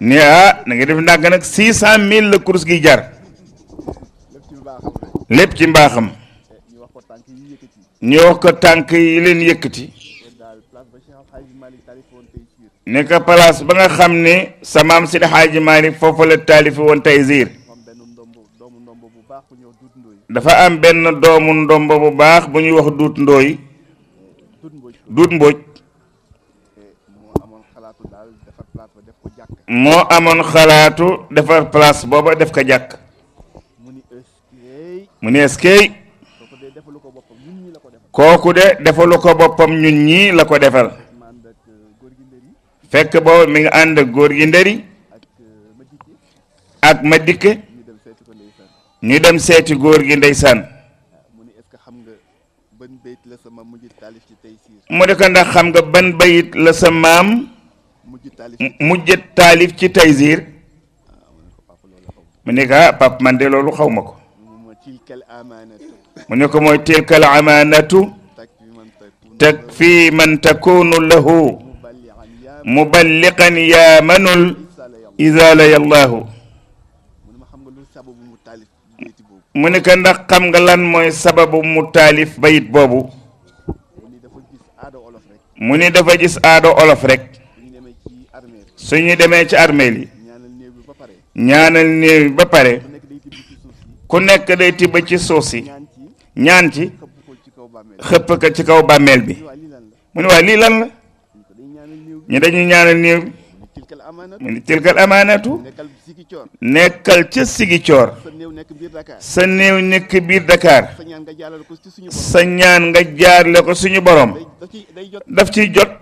ni ah na nga def ndànk nag six cent mille la kurus gi jar lépp ci mbaaxam ñu wax ko tànk yi leen yëkkati ne ko place ba nga xam ne sa maam Sidi Xaaji Maalik foofu la taalifi woon tey ziir dafa am benn doomu ndombo bu baax bu ñuy wax duut ndooy duut mbóoj moo amoon xalaatu defar place booba def ko jàkk mu nees kay kooku de defalu ko boppam ñun ñi la ko defal fekk boobu mi ngi ànd ak góor gi ndëri ak ma dikke ñu dem seeti góor gi ndeysaan mu ne ko ndax xam nga ban bayit la sa maam mujj taalif ci Taysir mu ne ko ah pap man de loolu xaw ma ko mu ne ko mooy tilka al amaanatu takfi man takunu lahu muballiqan yaa manul isaala yallaahu mu ne ko ndax xam nga lan mooy sababu mu taalif bayit boobu mu ni dafa gis aado olof rek suñu demee ci armeel yi ñaanal néew ku nekk day tibb ci suuf si ñaan ci xëpp ko ci kaw bàmmeel bi mu ne waaye lii lan la ñu dañuy ñaanal néew mu ne tilkal amaanatu nekkal ca sigi coor sa néew nekk biir Dakar sa ñaan nga jaarle ko suñu borom daf ciy jot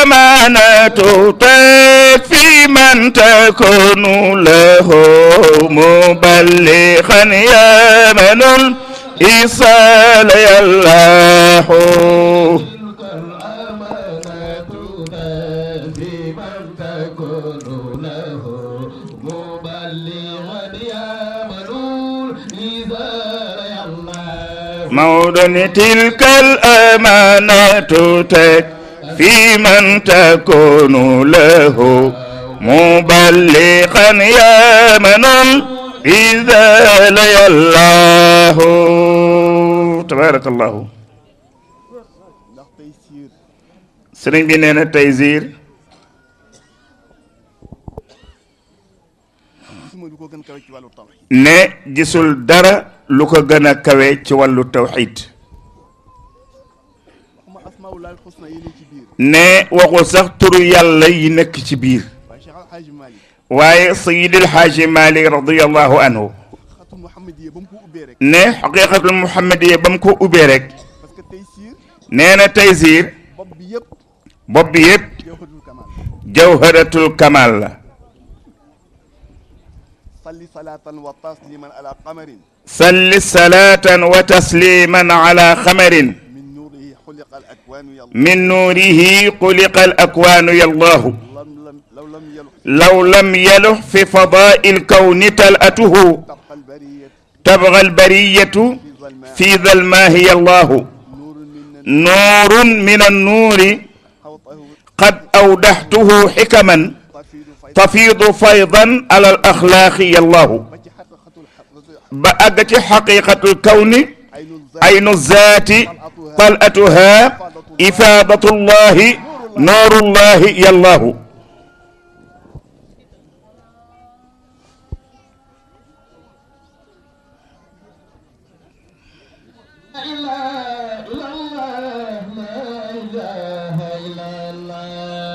الأمانة تكفي من تكون له مبلغا يا من الإيصال يا الله موضن تلك الأمانة تكفي في من تكون له مبلغا يا منن إذا لي الله تبارك الله sëriñ bi nee na taysir ne gisul dara lu ko gën a kawe ci wàllu tawxid ne waxul sax turu yàlla yi nekk ci biir waaye sayidil xaaji malik radiallahu anhu ne xaqiqatul muhammadiya na taysiir bopp bi yëpp jawharatul kamal la salli salaatan wa tasliman ala xamarin min nuurihi xuliqa al akwaanu yallaahu law lam yalux fi fadaa'il kawni tal'atuhu tabqa al bariyatu fi dalmaahi yallaahu nuurun min annuuri qad awdaxtuhu xikaman tafiidu faydan ala al axlaaqi yallaahu ba àgg ci xaqiiqatul kawni aynu zaati طلعتها إفاضة الله نار الله يا الله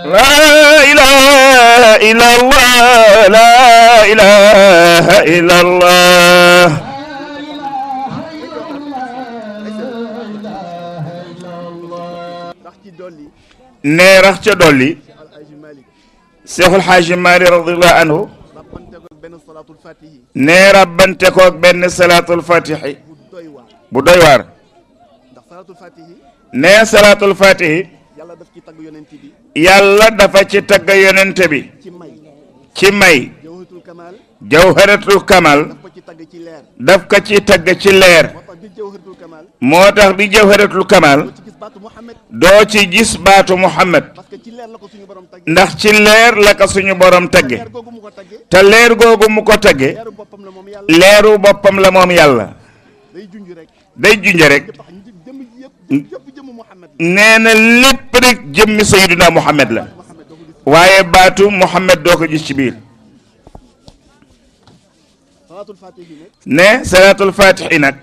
لا إله إلا الله لا إله إلا الله nee rax ca dolli seexul xaaji maali radiallahu anhu nee rabbante koog benn salaatul fatihi bu doy waar nee salaatul fatihi yàlla dafa ci tagg yonente bi ci may jawharatul kamal daf ci tagg ci leer moo tax bi jawharatul kamal doo ci gis baatu Muhammad ndax ci leer la ko suñu borom tagge te leer googu mu ko tagge leeru boppam la moom yàlla day junje rek nee na lépp rek jëmmi sayyiduna Muhammad la waaye baatu Muhammad doo ko gis ci biir ne salaatul faatihi nag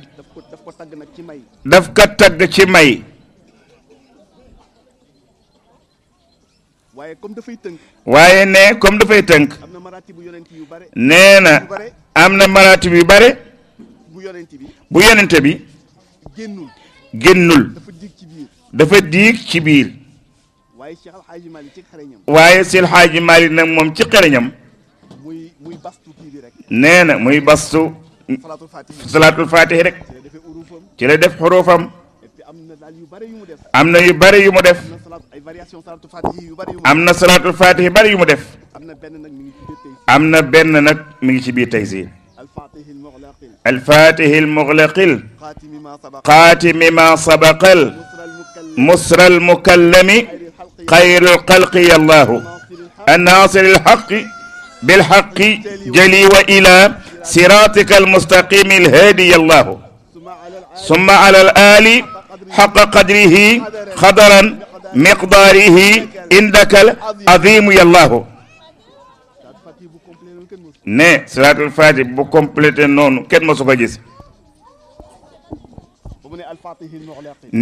daf ko tagg ci may waaye comme dafay tënk. waaye ne comme dafay tënk. nee na am na maratib yu bare. bu yonente bi bu yonente bi. génnul génnul. dafa diig ci biir. waaye Cheikh El Hadj Malick ci xereñam. waaye Cheikh El Hadj Malick nag moom ci xereñam. muy muy bastu kii bi rek. ci la def xuruufam. am na yu bari yu mu def am na salaatul faatihi bari yu mu def am na benn nag mi ngi ci biir Taysir alfaatihi almuxlaqil xaatimi ma sabaqal musra almukallami xayru alxalqi yallaahu annaasir alxaqi bilxaqi jali wa ila siraatika almustaqimi alhaadi yallaahu summa ala al aali xaqa qadrihi xadaran miqdaarihi indakal azimu yallaahu ne salaatul fatih bu complété noonu kenn ma su ko gis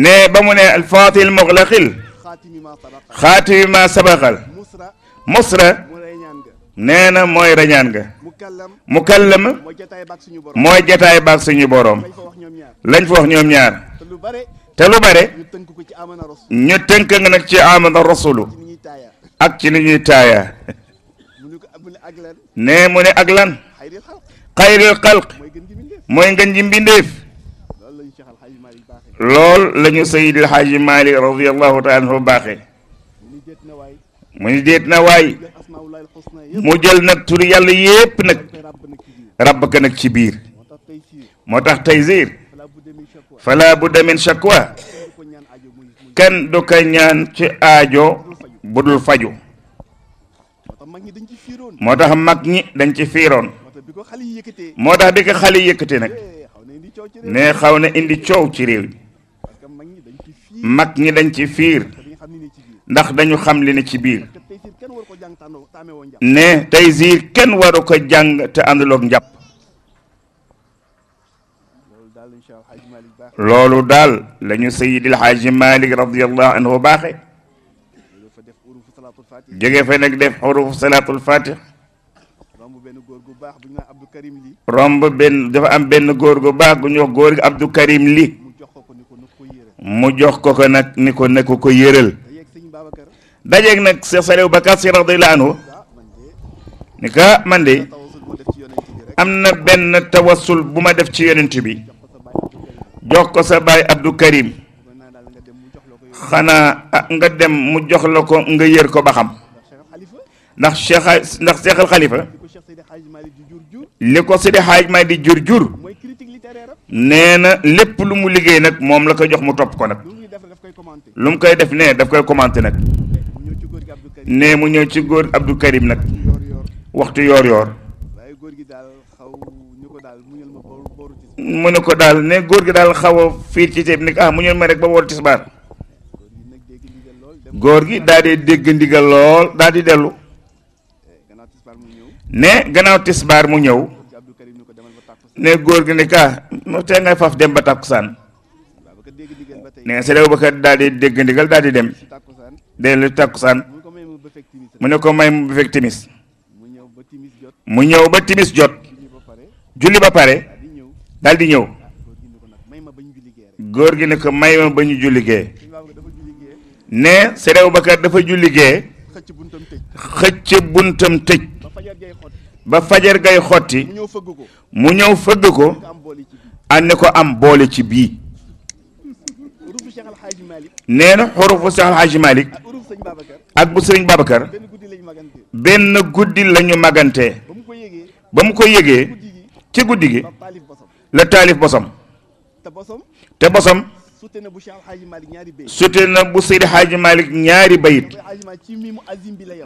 ne ba mu ne alfatih almuxlaqil xaatimi ma sabaqal musra nee na mooy rañaan nga mukallama mooy jataay baag suñu boroom lañ fa wax ñoom ñaar te lu bare ñu tënk nga nag ci amana rasulu ak ci ni ñuy taaya ne mu ne ak lan xayril xalq mooy ngën ji mbindeef lool la ñu sayidil xaaji malik radiallahu taala anhu baaxe mu ni déet na waay mu jël nag turi yàlla yépp nag rabb ka nag ci biir moo tax tey ziir fala budda min shakwa kenn du ko ñaan ci aajo bu dul faju moo tax mag ñi dañ ci fiiroon moo tax bi ko xale yëkkate nag ne xaw na indi coow ci réew mi mag ñi dañ ci fiir ndax dañu xam li ci biir ne tey siir kenn waru ko jàng te ànduloog njàpp loolu daal la ñu sayidil xaaji malik radiallahu anhu baaxe jóge fa nag def xurufu salaatul fatih romb benn dafa am benn góor gu baax gu ñu wax góor gi abdou karim li mu jox ko ko nag ni ko nekk ko yëral dajeeg nag Cheikh Saliou Bakar Si radiallahu anhu ni ah, man de am na benn tawassul bu ma def ci yonent bi jox ko sa baay Abdou Karim xanaa ah, nga dem mu jox la ko nga yër ko ba xam ndax Cheikh ndax Cheikh Al Khalifa li ko Sidi Xaaj Maay di jur jur nee na lépp lu mu liggéey nag moom la ko jox mu topp ko nag lu mu koy def nee daf koy commenté nag nee mu ñëw ci góor Abdou Karim nag waxtu yoor yoor mu ne ko daal ne góor gi daal xaw a fiir ci ceeb ni ah mu ñëw ma rek ba woor tisbaar góor gi daal dee dégg ndigal lool daal di dellu ne gannaaw tisbaar mu ñëw ne góor gi ne ka ah, mu tee ngay faf dem ba tàkkusaan ne Seydi Abubakar daal dee dégg ndigal daal di dem dellu tàkkusaan mu ne ko may mu ba fekk timis mu ñëw ba timis jot julli ba pare daal di ñëw góor gi ne ko may ma ba ñu julligee ne Sëriñ Abubakar dafa julligee xëcc buntam tëj ba fajar gay xotti mu ñëw fëgg ko an ne ko am boole ci bii nee na xurufu Seex Alxaaji Malik ak bu Sëriñ Babacar benn guddi la ñu magante ba mu ko yëgee ci guddi gi la taalif bosam te bosam sute na bu Seydi Xaaji Malick ñaari bayit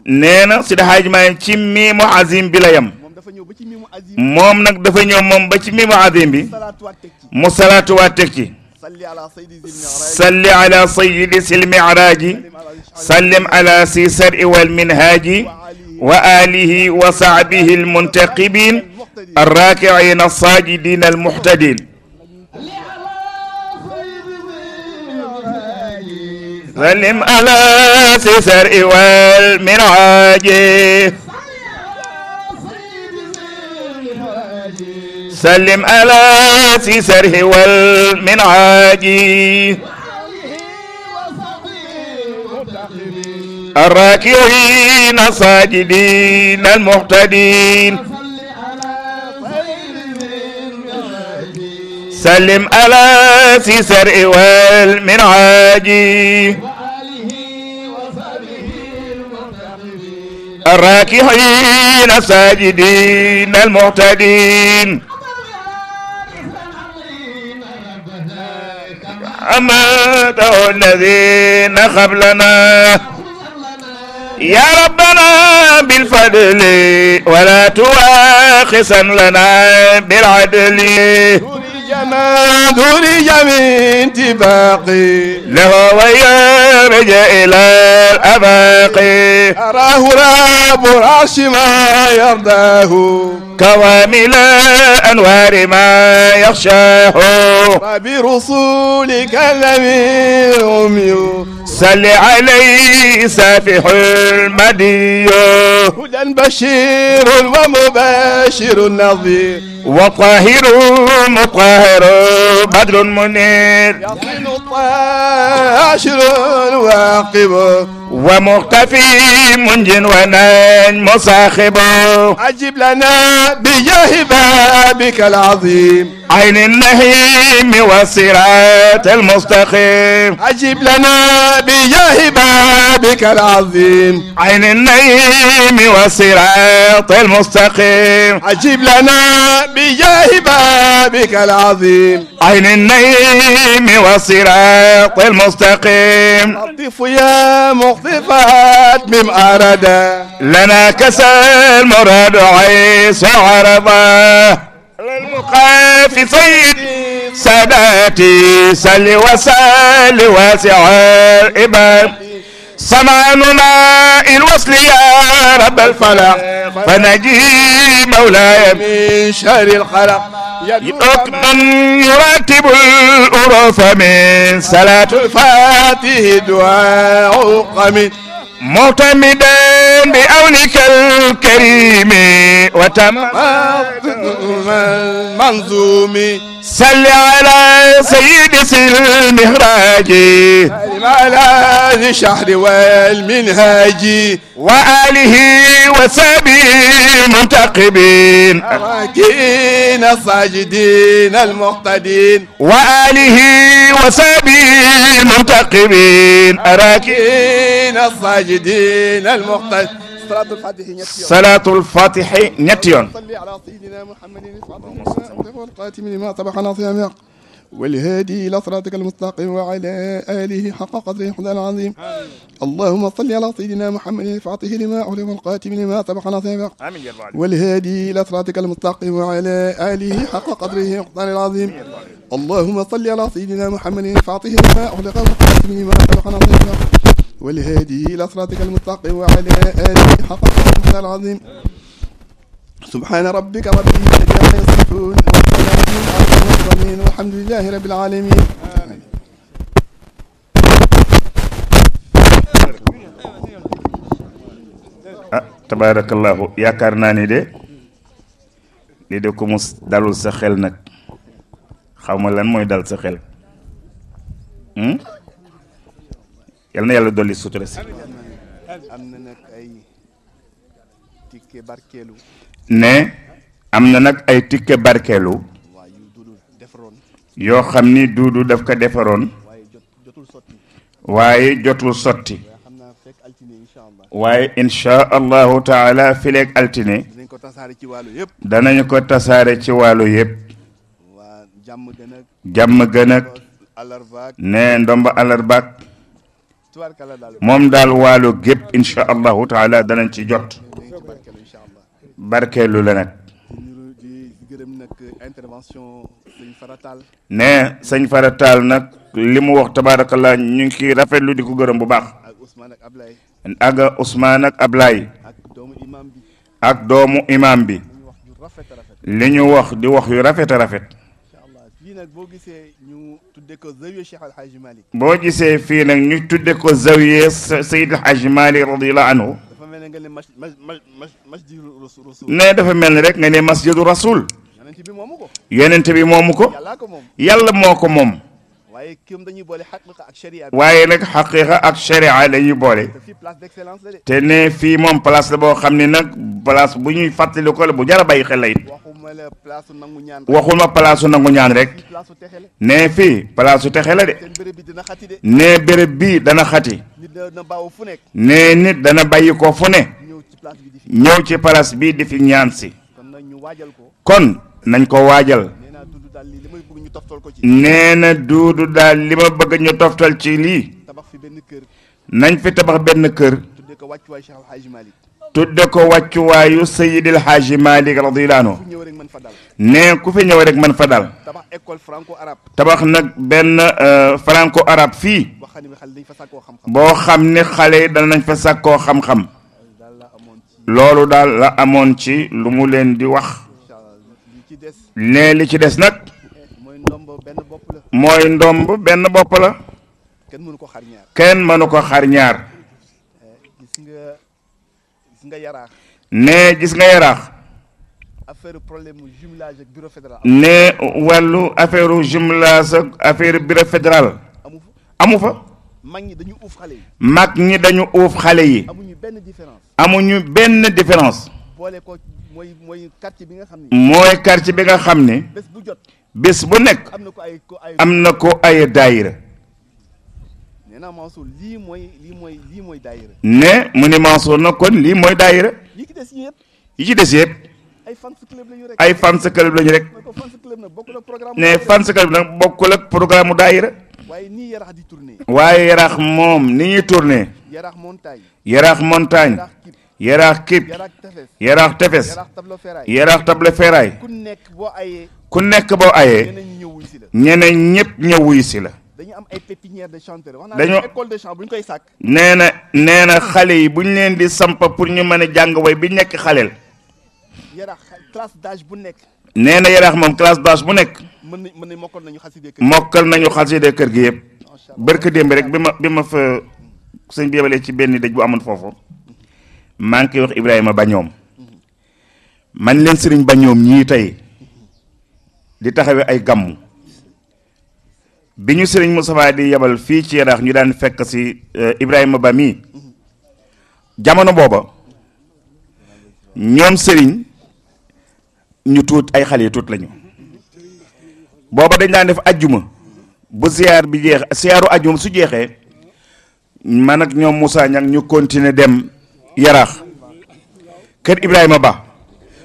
nee na Seydi Xaaji Malick ci miimu azim bi la yam moom nag dafa ñëw moom ba ci miimu azim bi mu salaatu waa teg ci salli ala sayidi sil miraaji sallim ala si sari wal minhaaji wa alihi wa sahbihi almuntaqibin الراكعين الساجدين المحتدين سلم على سسر والمنعاج سلم على سسره والمنعاج الراكعين الساجدين المحتدين سلم على سيسر والمنعاج الراكعين الساجدين المعتدين أماته الذين قبلنا يا ربنا بالفضل ولا تواخصا لنا بالعدل كما درج من تباقي له ويرج إلى الأباق أراه راب العرش ما يرضاه كوامل أنوار ما يخشاه وبرسولك الذي أمي صل عليه سافح المدي هدى بشير ومباشر نظير وطاهر مطهر بدر منير طاشر واقب ومختفي منج ونان مصاخب أجب لنا بجاه بابك العظيم عين النهيم والصراط المستقيم أجب لنا بجاه بابك العظيم عين النهيم والصراط المستقيم أجب لنا بجاه بابك العظيم عين النيم والصراط المستقيم لطف يا مخطفات مم أردا لنا كسى المراد عيسى عرضا للمقاف سيدي ساداتي سل وسال واسع الإباب صنعنا الوصل يا رب الفلاح فنجي مولاي من شر الخلق حكم يرتب الأروف من صلاة الفاتح دعاء قمي معتمدا بعونك الكريم وتمام المنظوم صل على سيد المهراج على الشهر والمنهاج وآله وسبي منتقبين أراكين الساجدين المقتدين وآله وسبي منتقبين أراكين الساجدين المقتدين صلاة الفاتح نتيون صلي على سيدنا محمد الفاتح القاتم لما سبق ناصر والهادي إلى صراطك المستقيم وعلى آله حق قدره حمد العظيم اللهم صل على سيدنا محمد الفاتح لما أعلم والقاتم لما سبق نصيبك والهادي إلى صراطك المستقيم وعلى آله حق قدره حمد العظيم اللهم صل على سيدنا محمد الفاتح لما أغلق والقاتم لما سبق نصيبك والهادي إلى صراطك المستقيم وعلى آله حق قدره العظيم سبحان ربك رب العزة عما يصفون وسلام على العالمين والحمد لله رب العالمين ah tabaarakallaahu yaakaar naa ni de li de ko mus dalul sa xel nag xaw ma lan mooy dal sa xel hmm? yal na yàlla dolli sutura si ne am na nag ay tikke barkeelu yoo xam ni duudu daf ko defaroon waaye jotul sotti waaye incha allahu taala fileeg altine danañu ko tasaare ci wàllu yëpp jàmm gën ak ne ndomba alarbaak moom daal waalo gépp incha allahu taala danañ ci jot barkeelu la nag ne sëñ Faratal nag li mu wax tabaarakallaa ñu kii ciy rafetlu di ko gërëm bu baax. ak Ousmane ak Ablaye. ak doomu imam bi. li ñu wax di wax yu rafet a rafet. boo gisee ñu tudde ko zawiya Cheikh Al boo gisee fii nag ñu tuddee ko zawiya Seydi Al Hadj Malick radiyallahu anhu. dafa mel ne nga dafa mel ni rek nga ne masjidu rasul. bi moomu ko. yonent bi moomu ko. yàlla moo ko moom. waaye kéem dañuy boole xaqiqa ak sharia. waaye nag xaqiqa ak sharia dañuy boole. te ne fii moom place la boo xam ne nag place bu ñuy fàttali ko la bu jar a bàyyi xel la it. waxuma place su nangu ñaan rek. ne fii place su texe la de. nee béréb bii dana xati. ne nit dana bàyyi ko fu ne. ñëw ci place bii di fi ñaan si. kon. nañ ko waajal nee na duudu daal li ma bëgg ñu toftal ci lii nañ fi tabax benn kër tudde ko wàccuwaayu Seydil Hadji Malick radiyallahu anhu nee ku fi ñëwee rek man fa dal tabax nag benn euh, franco arab fii boo xam ne xale yi danañ fa sàkkoo xam-xam loolu daal la amoon ci lu mu leen di wax nee li ci des nag mooy ndomb benn bopp la kenn mënu ko xar kenn mënu ko xar ñaar eh, gis nga gis nga nee gis nga yaraax affaire problème jumelage ak bureau nee wàllu affaire jumelage ak affaire bureau fédéral amu fa mag ñi dañu uuf xale yi mag ñi yi amuñu benn différence mooy mooy quartier bi nga xam ne. mooy quartier bi nga xam ne. bés bu jot bés bu nekk. am na ko ay ko am na ko ay daayira. nee naa Mansour lii mooy lii mooy lii mooy daayira. ne mu ne Mansour nag kon lii mooy daayira. yi ci des yëpp. yi ci des yëpp. ay fans club lañu rek ay fans club lañu rek. ne fans club nag bokkul ak programme mu daayira. waaye nii yaraax di tourné. waaye yaraax moom ni ñuy tourné. yaraax montagne. yaraax montagne. yaraax képp yaraax tefes yaraax table ferraille ku nekk boo ayee ñeneen ñëpp ñëw wuyu si la. dañu am ay pépinière de chanteur wax naa école de bu ñu koy sàkk. nee na nee na xale yi bu ñu leen di sampa pour ñu mën a jàng way bi nekk xaleel. yaraax classe d'âge bu nekk. nee na yaraax moom classe d'âge bu nekk. mën nañu mën nañu mokkal nañu xaside kër gi. mokkal nañu xaside kër gi yëpp. barke démb rek bi ma bi ma fa sëñ bi yebalee ci benn dëj bu amoon foofu. maa ngi koy wax Ibrahima ba ñoom man leen sëriñ ba ñoom ñii tey di taxawee ay gàmmu bi ñu sëriñ Moustapha di yebal fii ci yaraax ñu daan fekk si eh, Ibrahima ba mii jamono booba ñoom sëriñ ñu tuut ay xale yu tuut lañu booba dañ daan def ajjuma bu ziar bi jeex ziyaaru ajjuma su jeexee man ak ñoom Moussa ñag ñu continuer dem. yaraax kër Ibrahima Ba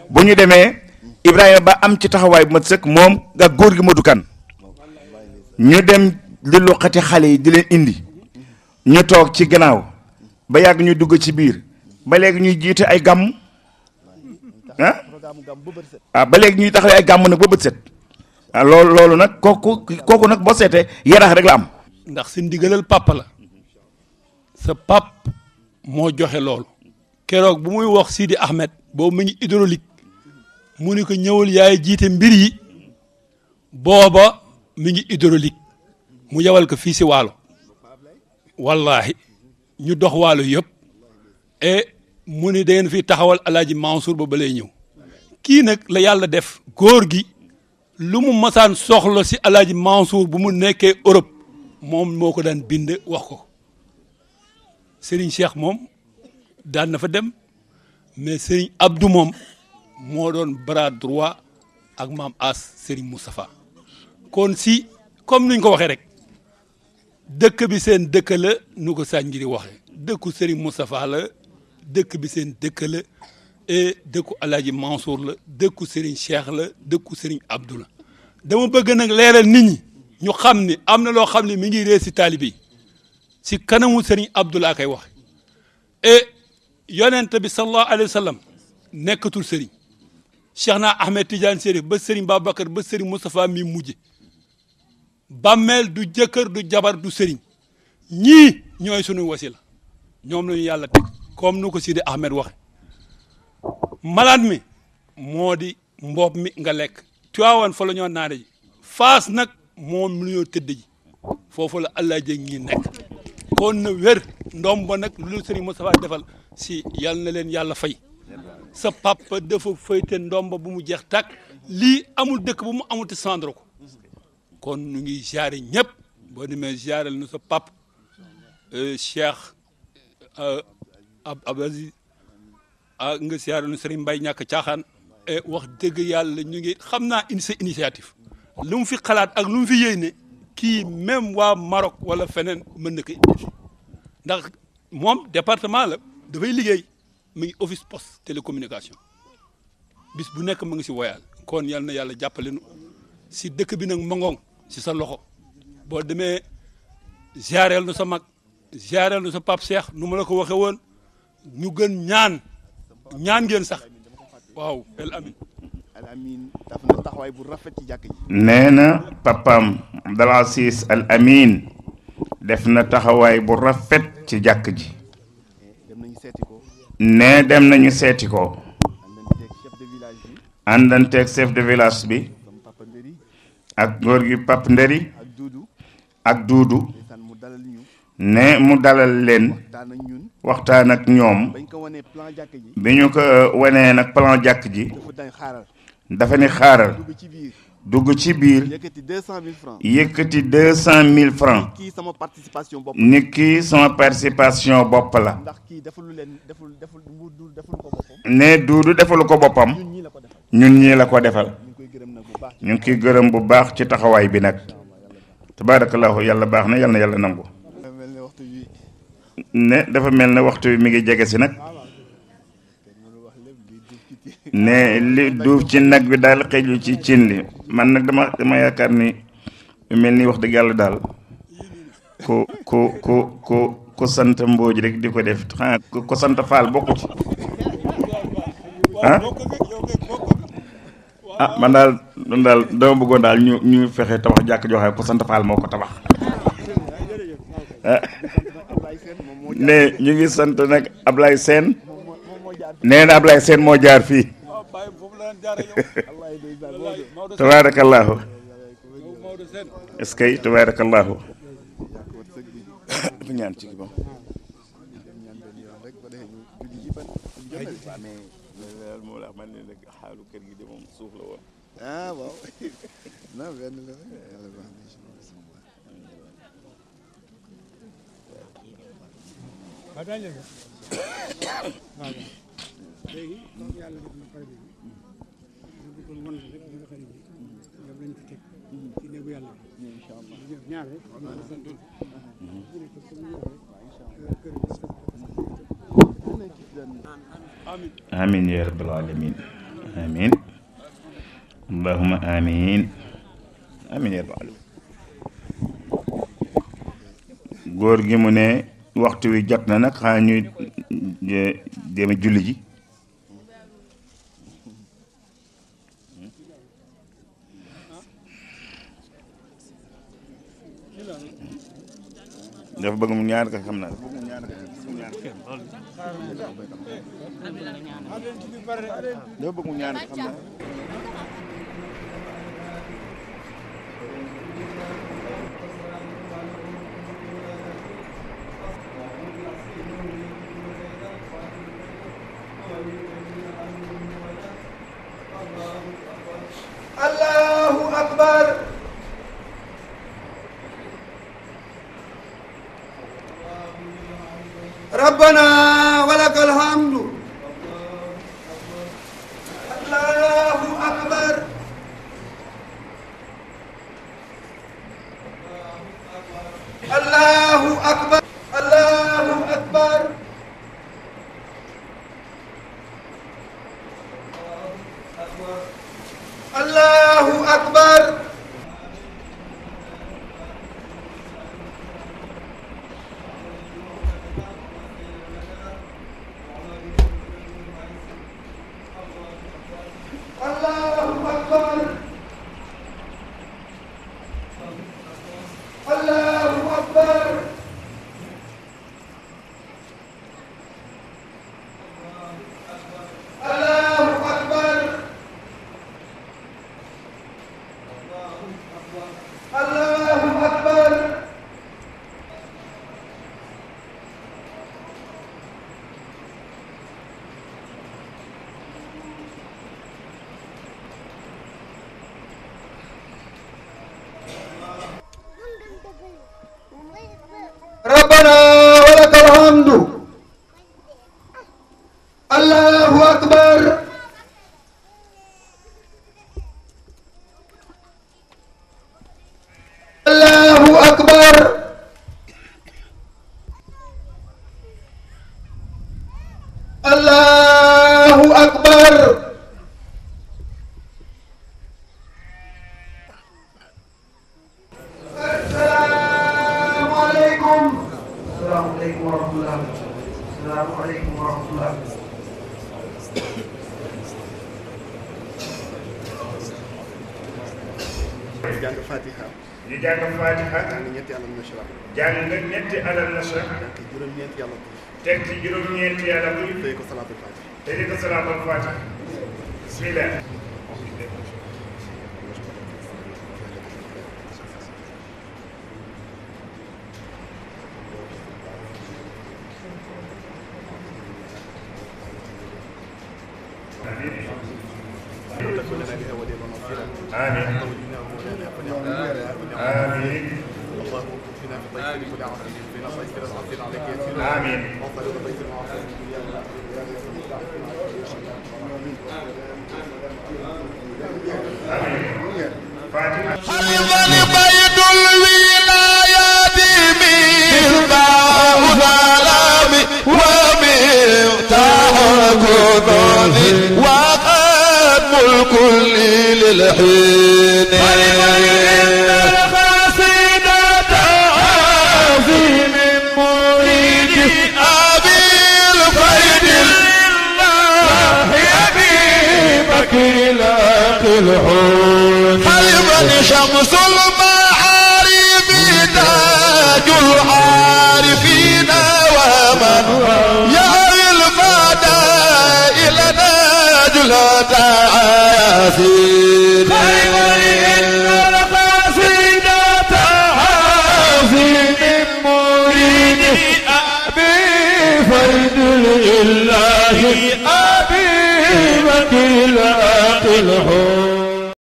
bu ñu demee Ibrahima Ba am ci taxawaay bu mat sëkk moom ak góor gi Modou Kane ñu dem di luqati xale yi di leen indi ñu toog ci gannaaw ba yàgg ñu dugg ci biir ba léegi ñuy jiite ay gàmm ah ah ba léegi ñuy taxawee ay gàmm nag ba bët set ah, loolu loolu nag kooku kooku nag boo seetee yaraax rek la am. ndax si ndigalal papa la sa pap moo joxe loolu. keroog bu muy wax Sidi Ahmed boobu mu ngi hydraulique mu ni ko ñëwul yaay jiite mbir yi booba mi ngi hydraulique mu yawal ko fii si waalo wallahi ñu dox waalo yëpp et mu ni da fi taxawal alaaji Mansour ba ba lay ñëw kii nag la yàlla def góor gi lu mu masaan soxla si alaaji Mansour bu mu nekkee orop moom moo ko daan bind wax ko Serigne Cheikh moom daan nafa dem mais Serigne Abdou moom moo doon bras droit ak maam As Serigne Moustapha kon si comme ni ñu ko waxee rek dëkk bi seen dëkk la nu ko sàñ gi di waxee dëkku Serigne Moustapha la dëkk bi seen dëkk la et dëkku El Hadj Mansour la dëkku Serigne Cheikh la dëkku Serigne Abdou la dama bëgg nag leeral nit ñi ñu xam ni am na loo xam ne mi ngi si taalibe yi si kanamu Serigne Abdou laa koy wax yonent bi sallallahu alayhi wa sallam nekkatul sëriñ Cheikh naa Ahmed Tidiane Chérif ba sëriñ Babacar ba sëriñ Moustapha mi mujj bàmmeel du jëkkër du jabar du sëriñ ñii ñooy sunu wasila ñoom la ñu yàlla teg comme nu ko Sidi Ahmed waxe malade mi moo di mboob mi nga lekk Tiwaawan fa la ñoo naane ji faas nag moom lu tëdd ji foofu la allah jég ngi nekk kon na wér ndoom ba nag lu sëriñ Moustapha defal si yàlla na leen yàlla fay sa papa dafa fayte ndomba bu mu jeex tàkk lii amul dëkk bu mu amul te sandro ko kon ñu ngi jaare ñëpp boo demee jaarel nu sa pap euh, cheikh euh, ab abazi ah nga jaarel nu Serigne Mbaye ñàkk caaxaan wax dëgg yàlla ñu ngi xam naa in sa initiative lu mu fi xalaat ak lu mu fi yéene kii même waa Maroc wala feneen mën na ko ndax moom département la dafay liggéey mu ngi office poste télécommunication bis bu nekk mu ngi si voyage kon yal na yàlla jàppale nu si dëkk bi nag mangoŋ si sa loxo boo demee ziareel nu sa mag ziareel nu sa pap Cheikh nu ma la ko waxee woon ñu gën ñaan ñaan ngeen sax waaw El Amin Al Amin daf na taxawaay bu rafet ci jàkk ji nee na papaam Abdal Aziz Al Amin def na taxawaay bu rafet ci jàkk ji ne dem nañu seeti ko àndanteeg chef de village bi ak góor gi Pap Nderi ak Duudu ne mu dalal leen waxtaan ak ñoom bi ñu ko wanee nag plan jàkk ji dafa ni xaaral dugg ci biir yëkkati deux cent mille francs ni kii sama participation bopp la ne duudu defalu ko boppam ñun ñii la ko defal ñu ngi koy gërëm bu baax ci taxawaay bi nag te tabaarakallaahu yàlla baax na yàlla na yàlla nangu ne dafa mel ne waxtu bi mi ngi jege si nag ah, ne li duuf ci nag bi daal xëju ci cin li man nag dama dama yaakaar ni mel ni wax dëgg yàlla daal ko ko ko ko ko sant mbooj rek di ko def xanaa ko sant faal bokku ci ah? ah man daal man daal dama bëggoon daal ñu ñu fexe tabax jàkk joxe ko sant Faal moo ko tabax ah? ne ñu ngi sant nag Ablaye Sène nee na Ablaye Sène moo jaar fii tabaarakallaahu est-ce que tabaarakallaahu ñaan ci ba ah waaw non benn la yàlla baax na incha allah won rek li allah ñu amin ya rabbal alamin amin amin amin gi mu ne waxtu wi jot na nag xanaa eh, dema julli ji dafa bëgg mu ñaar ka xam naa dafa bëgg mu ñaar ka xam naa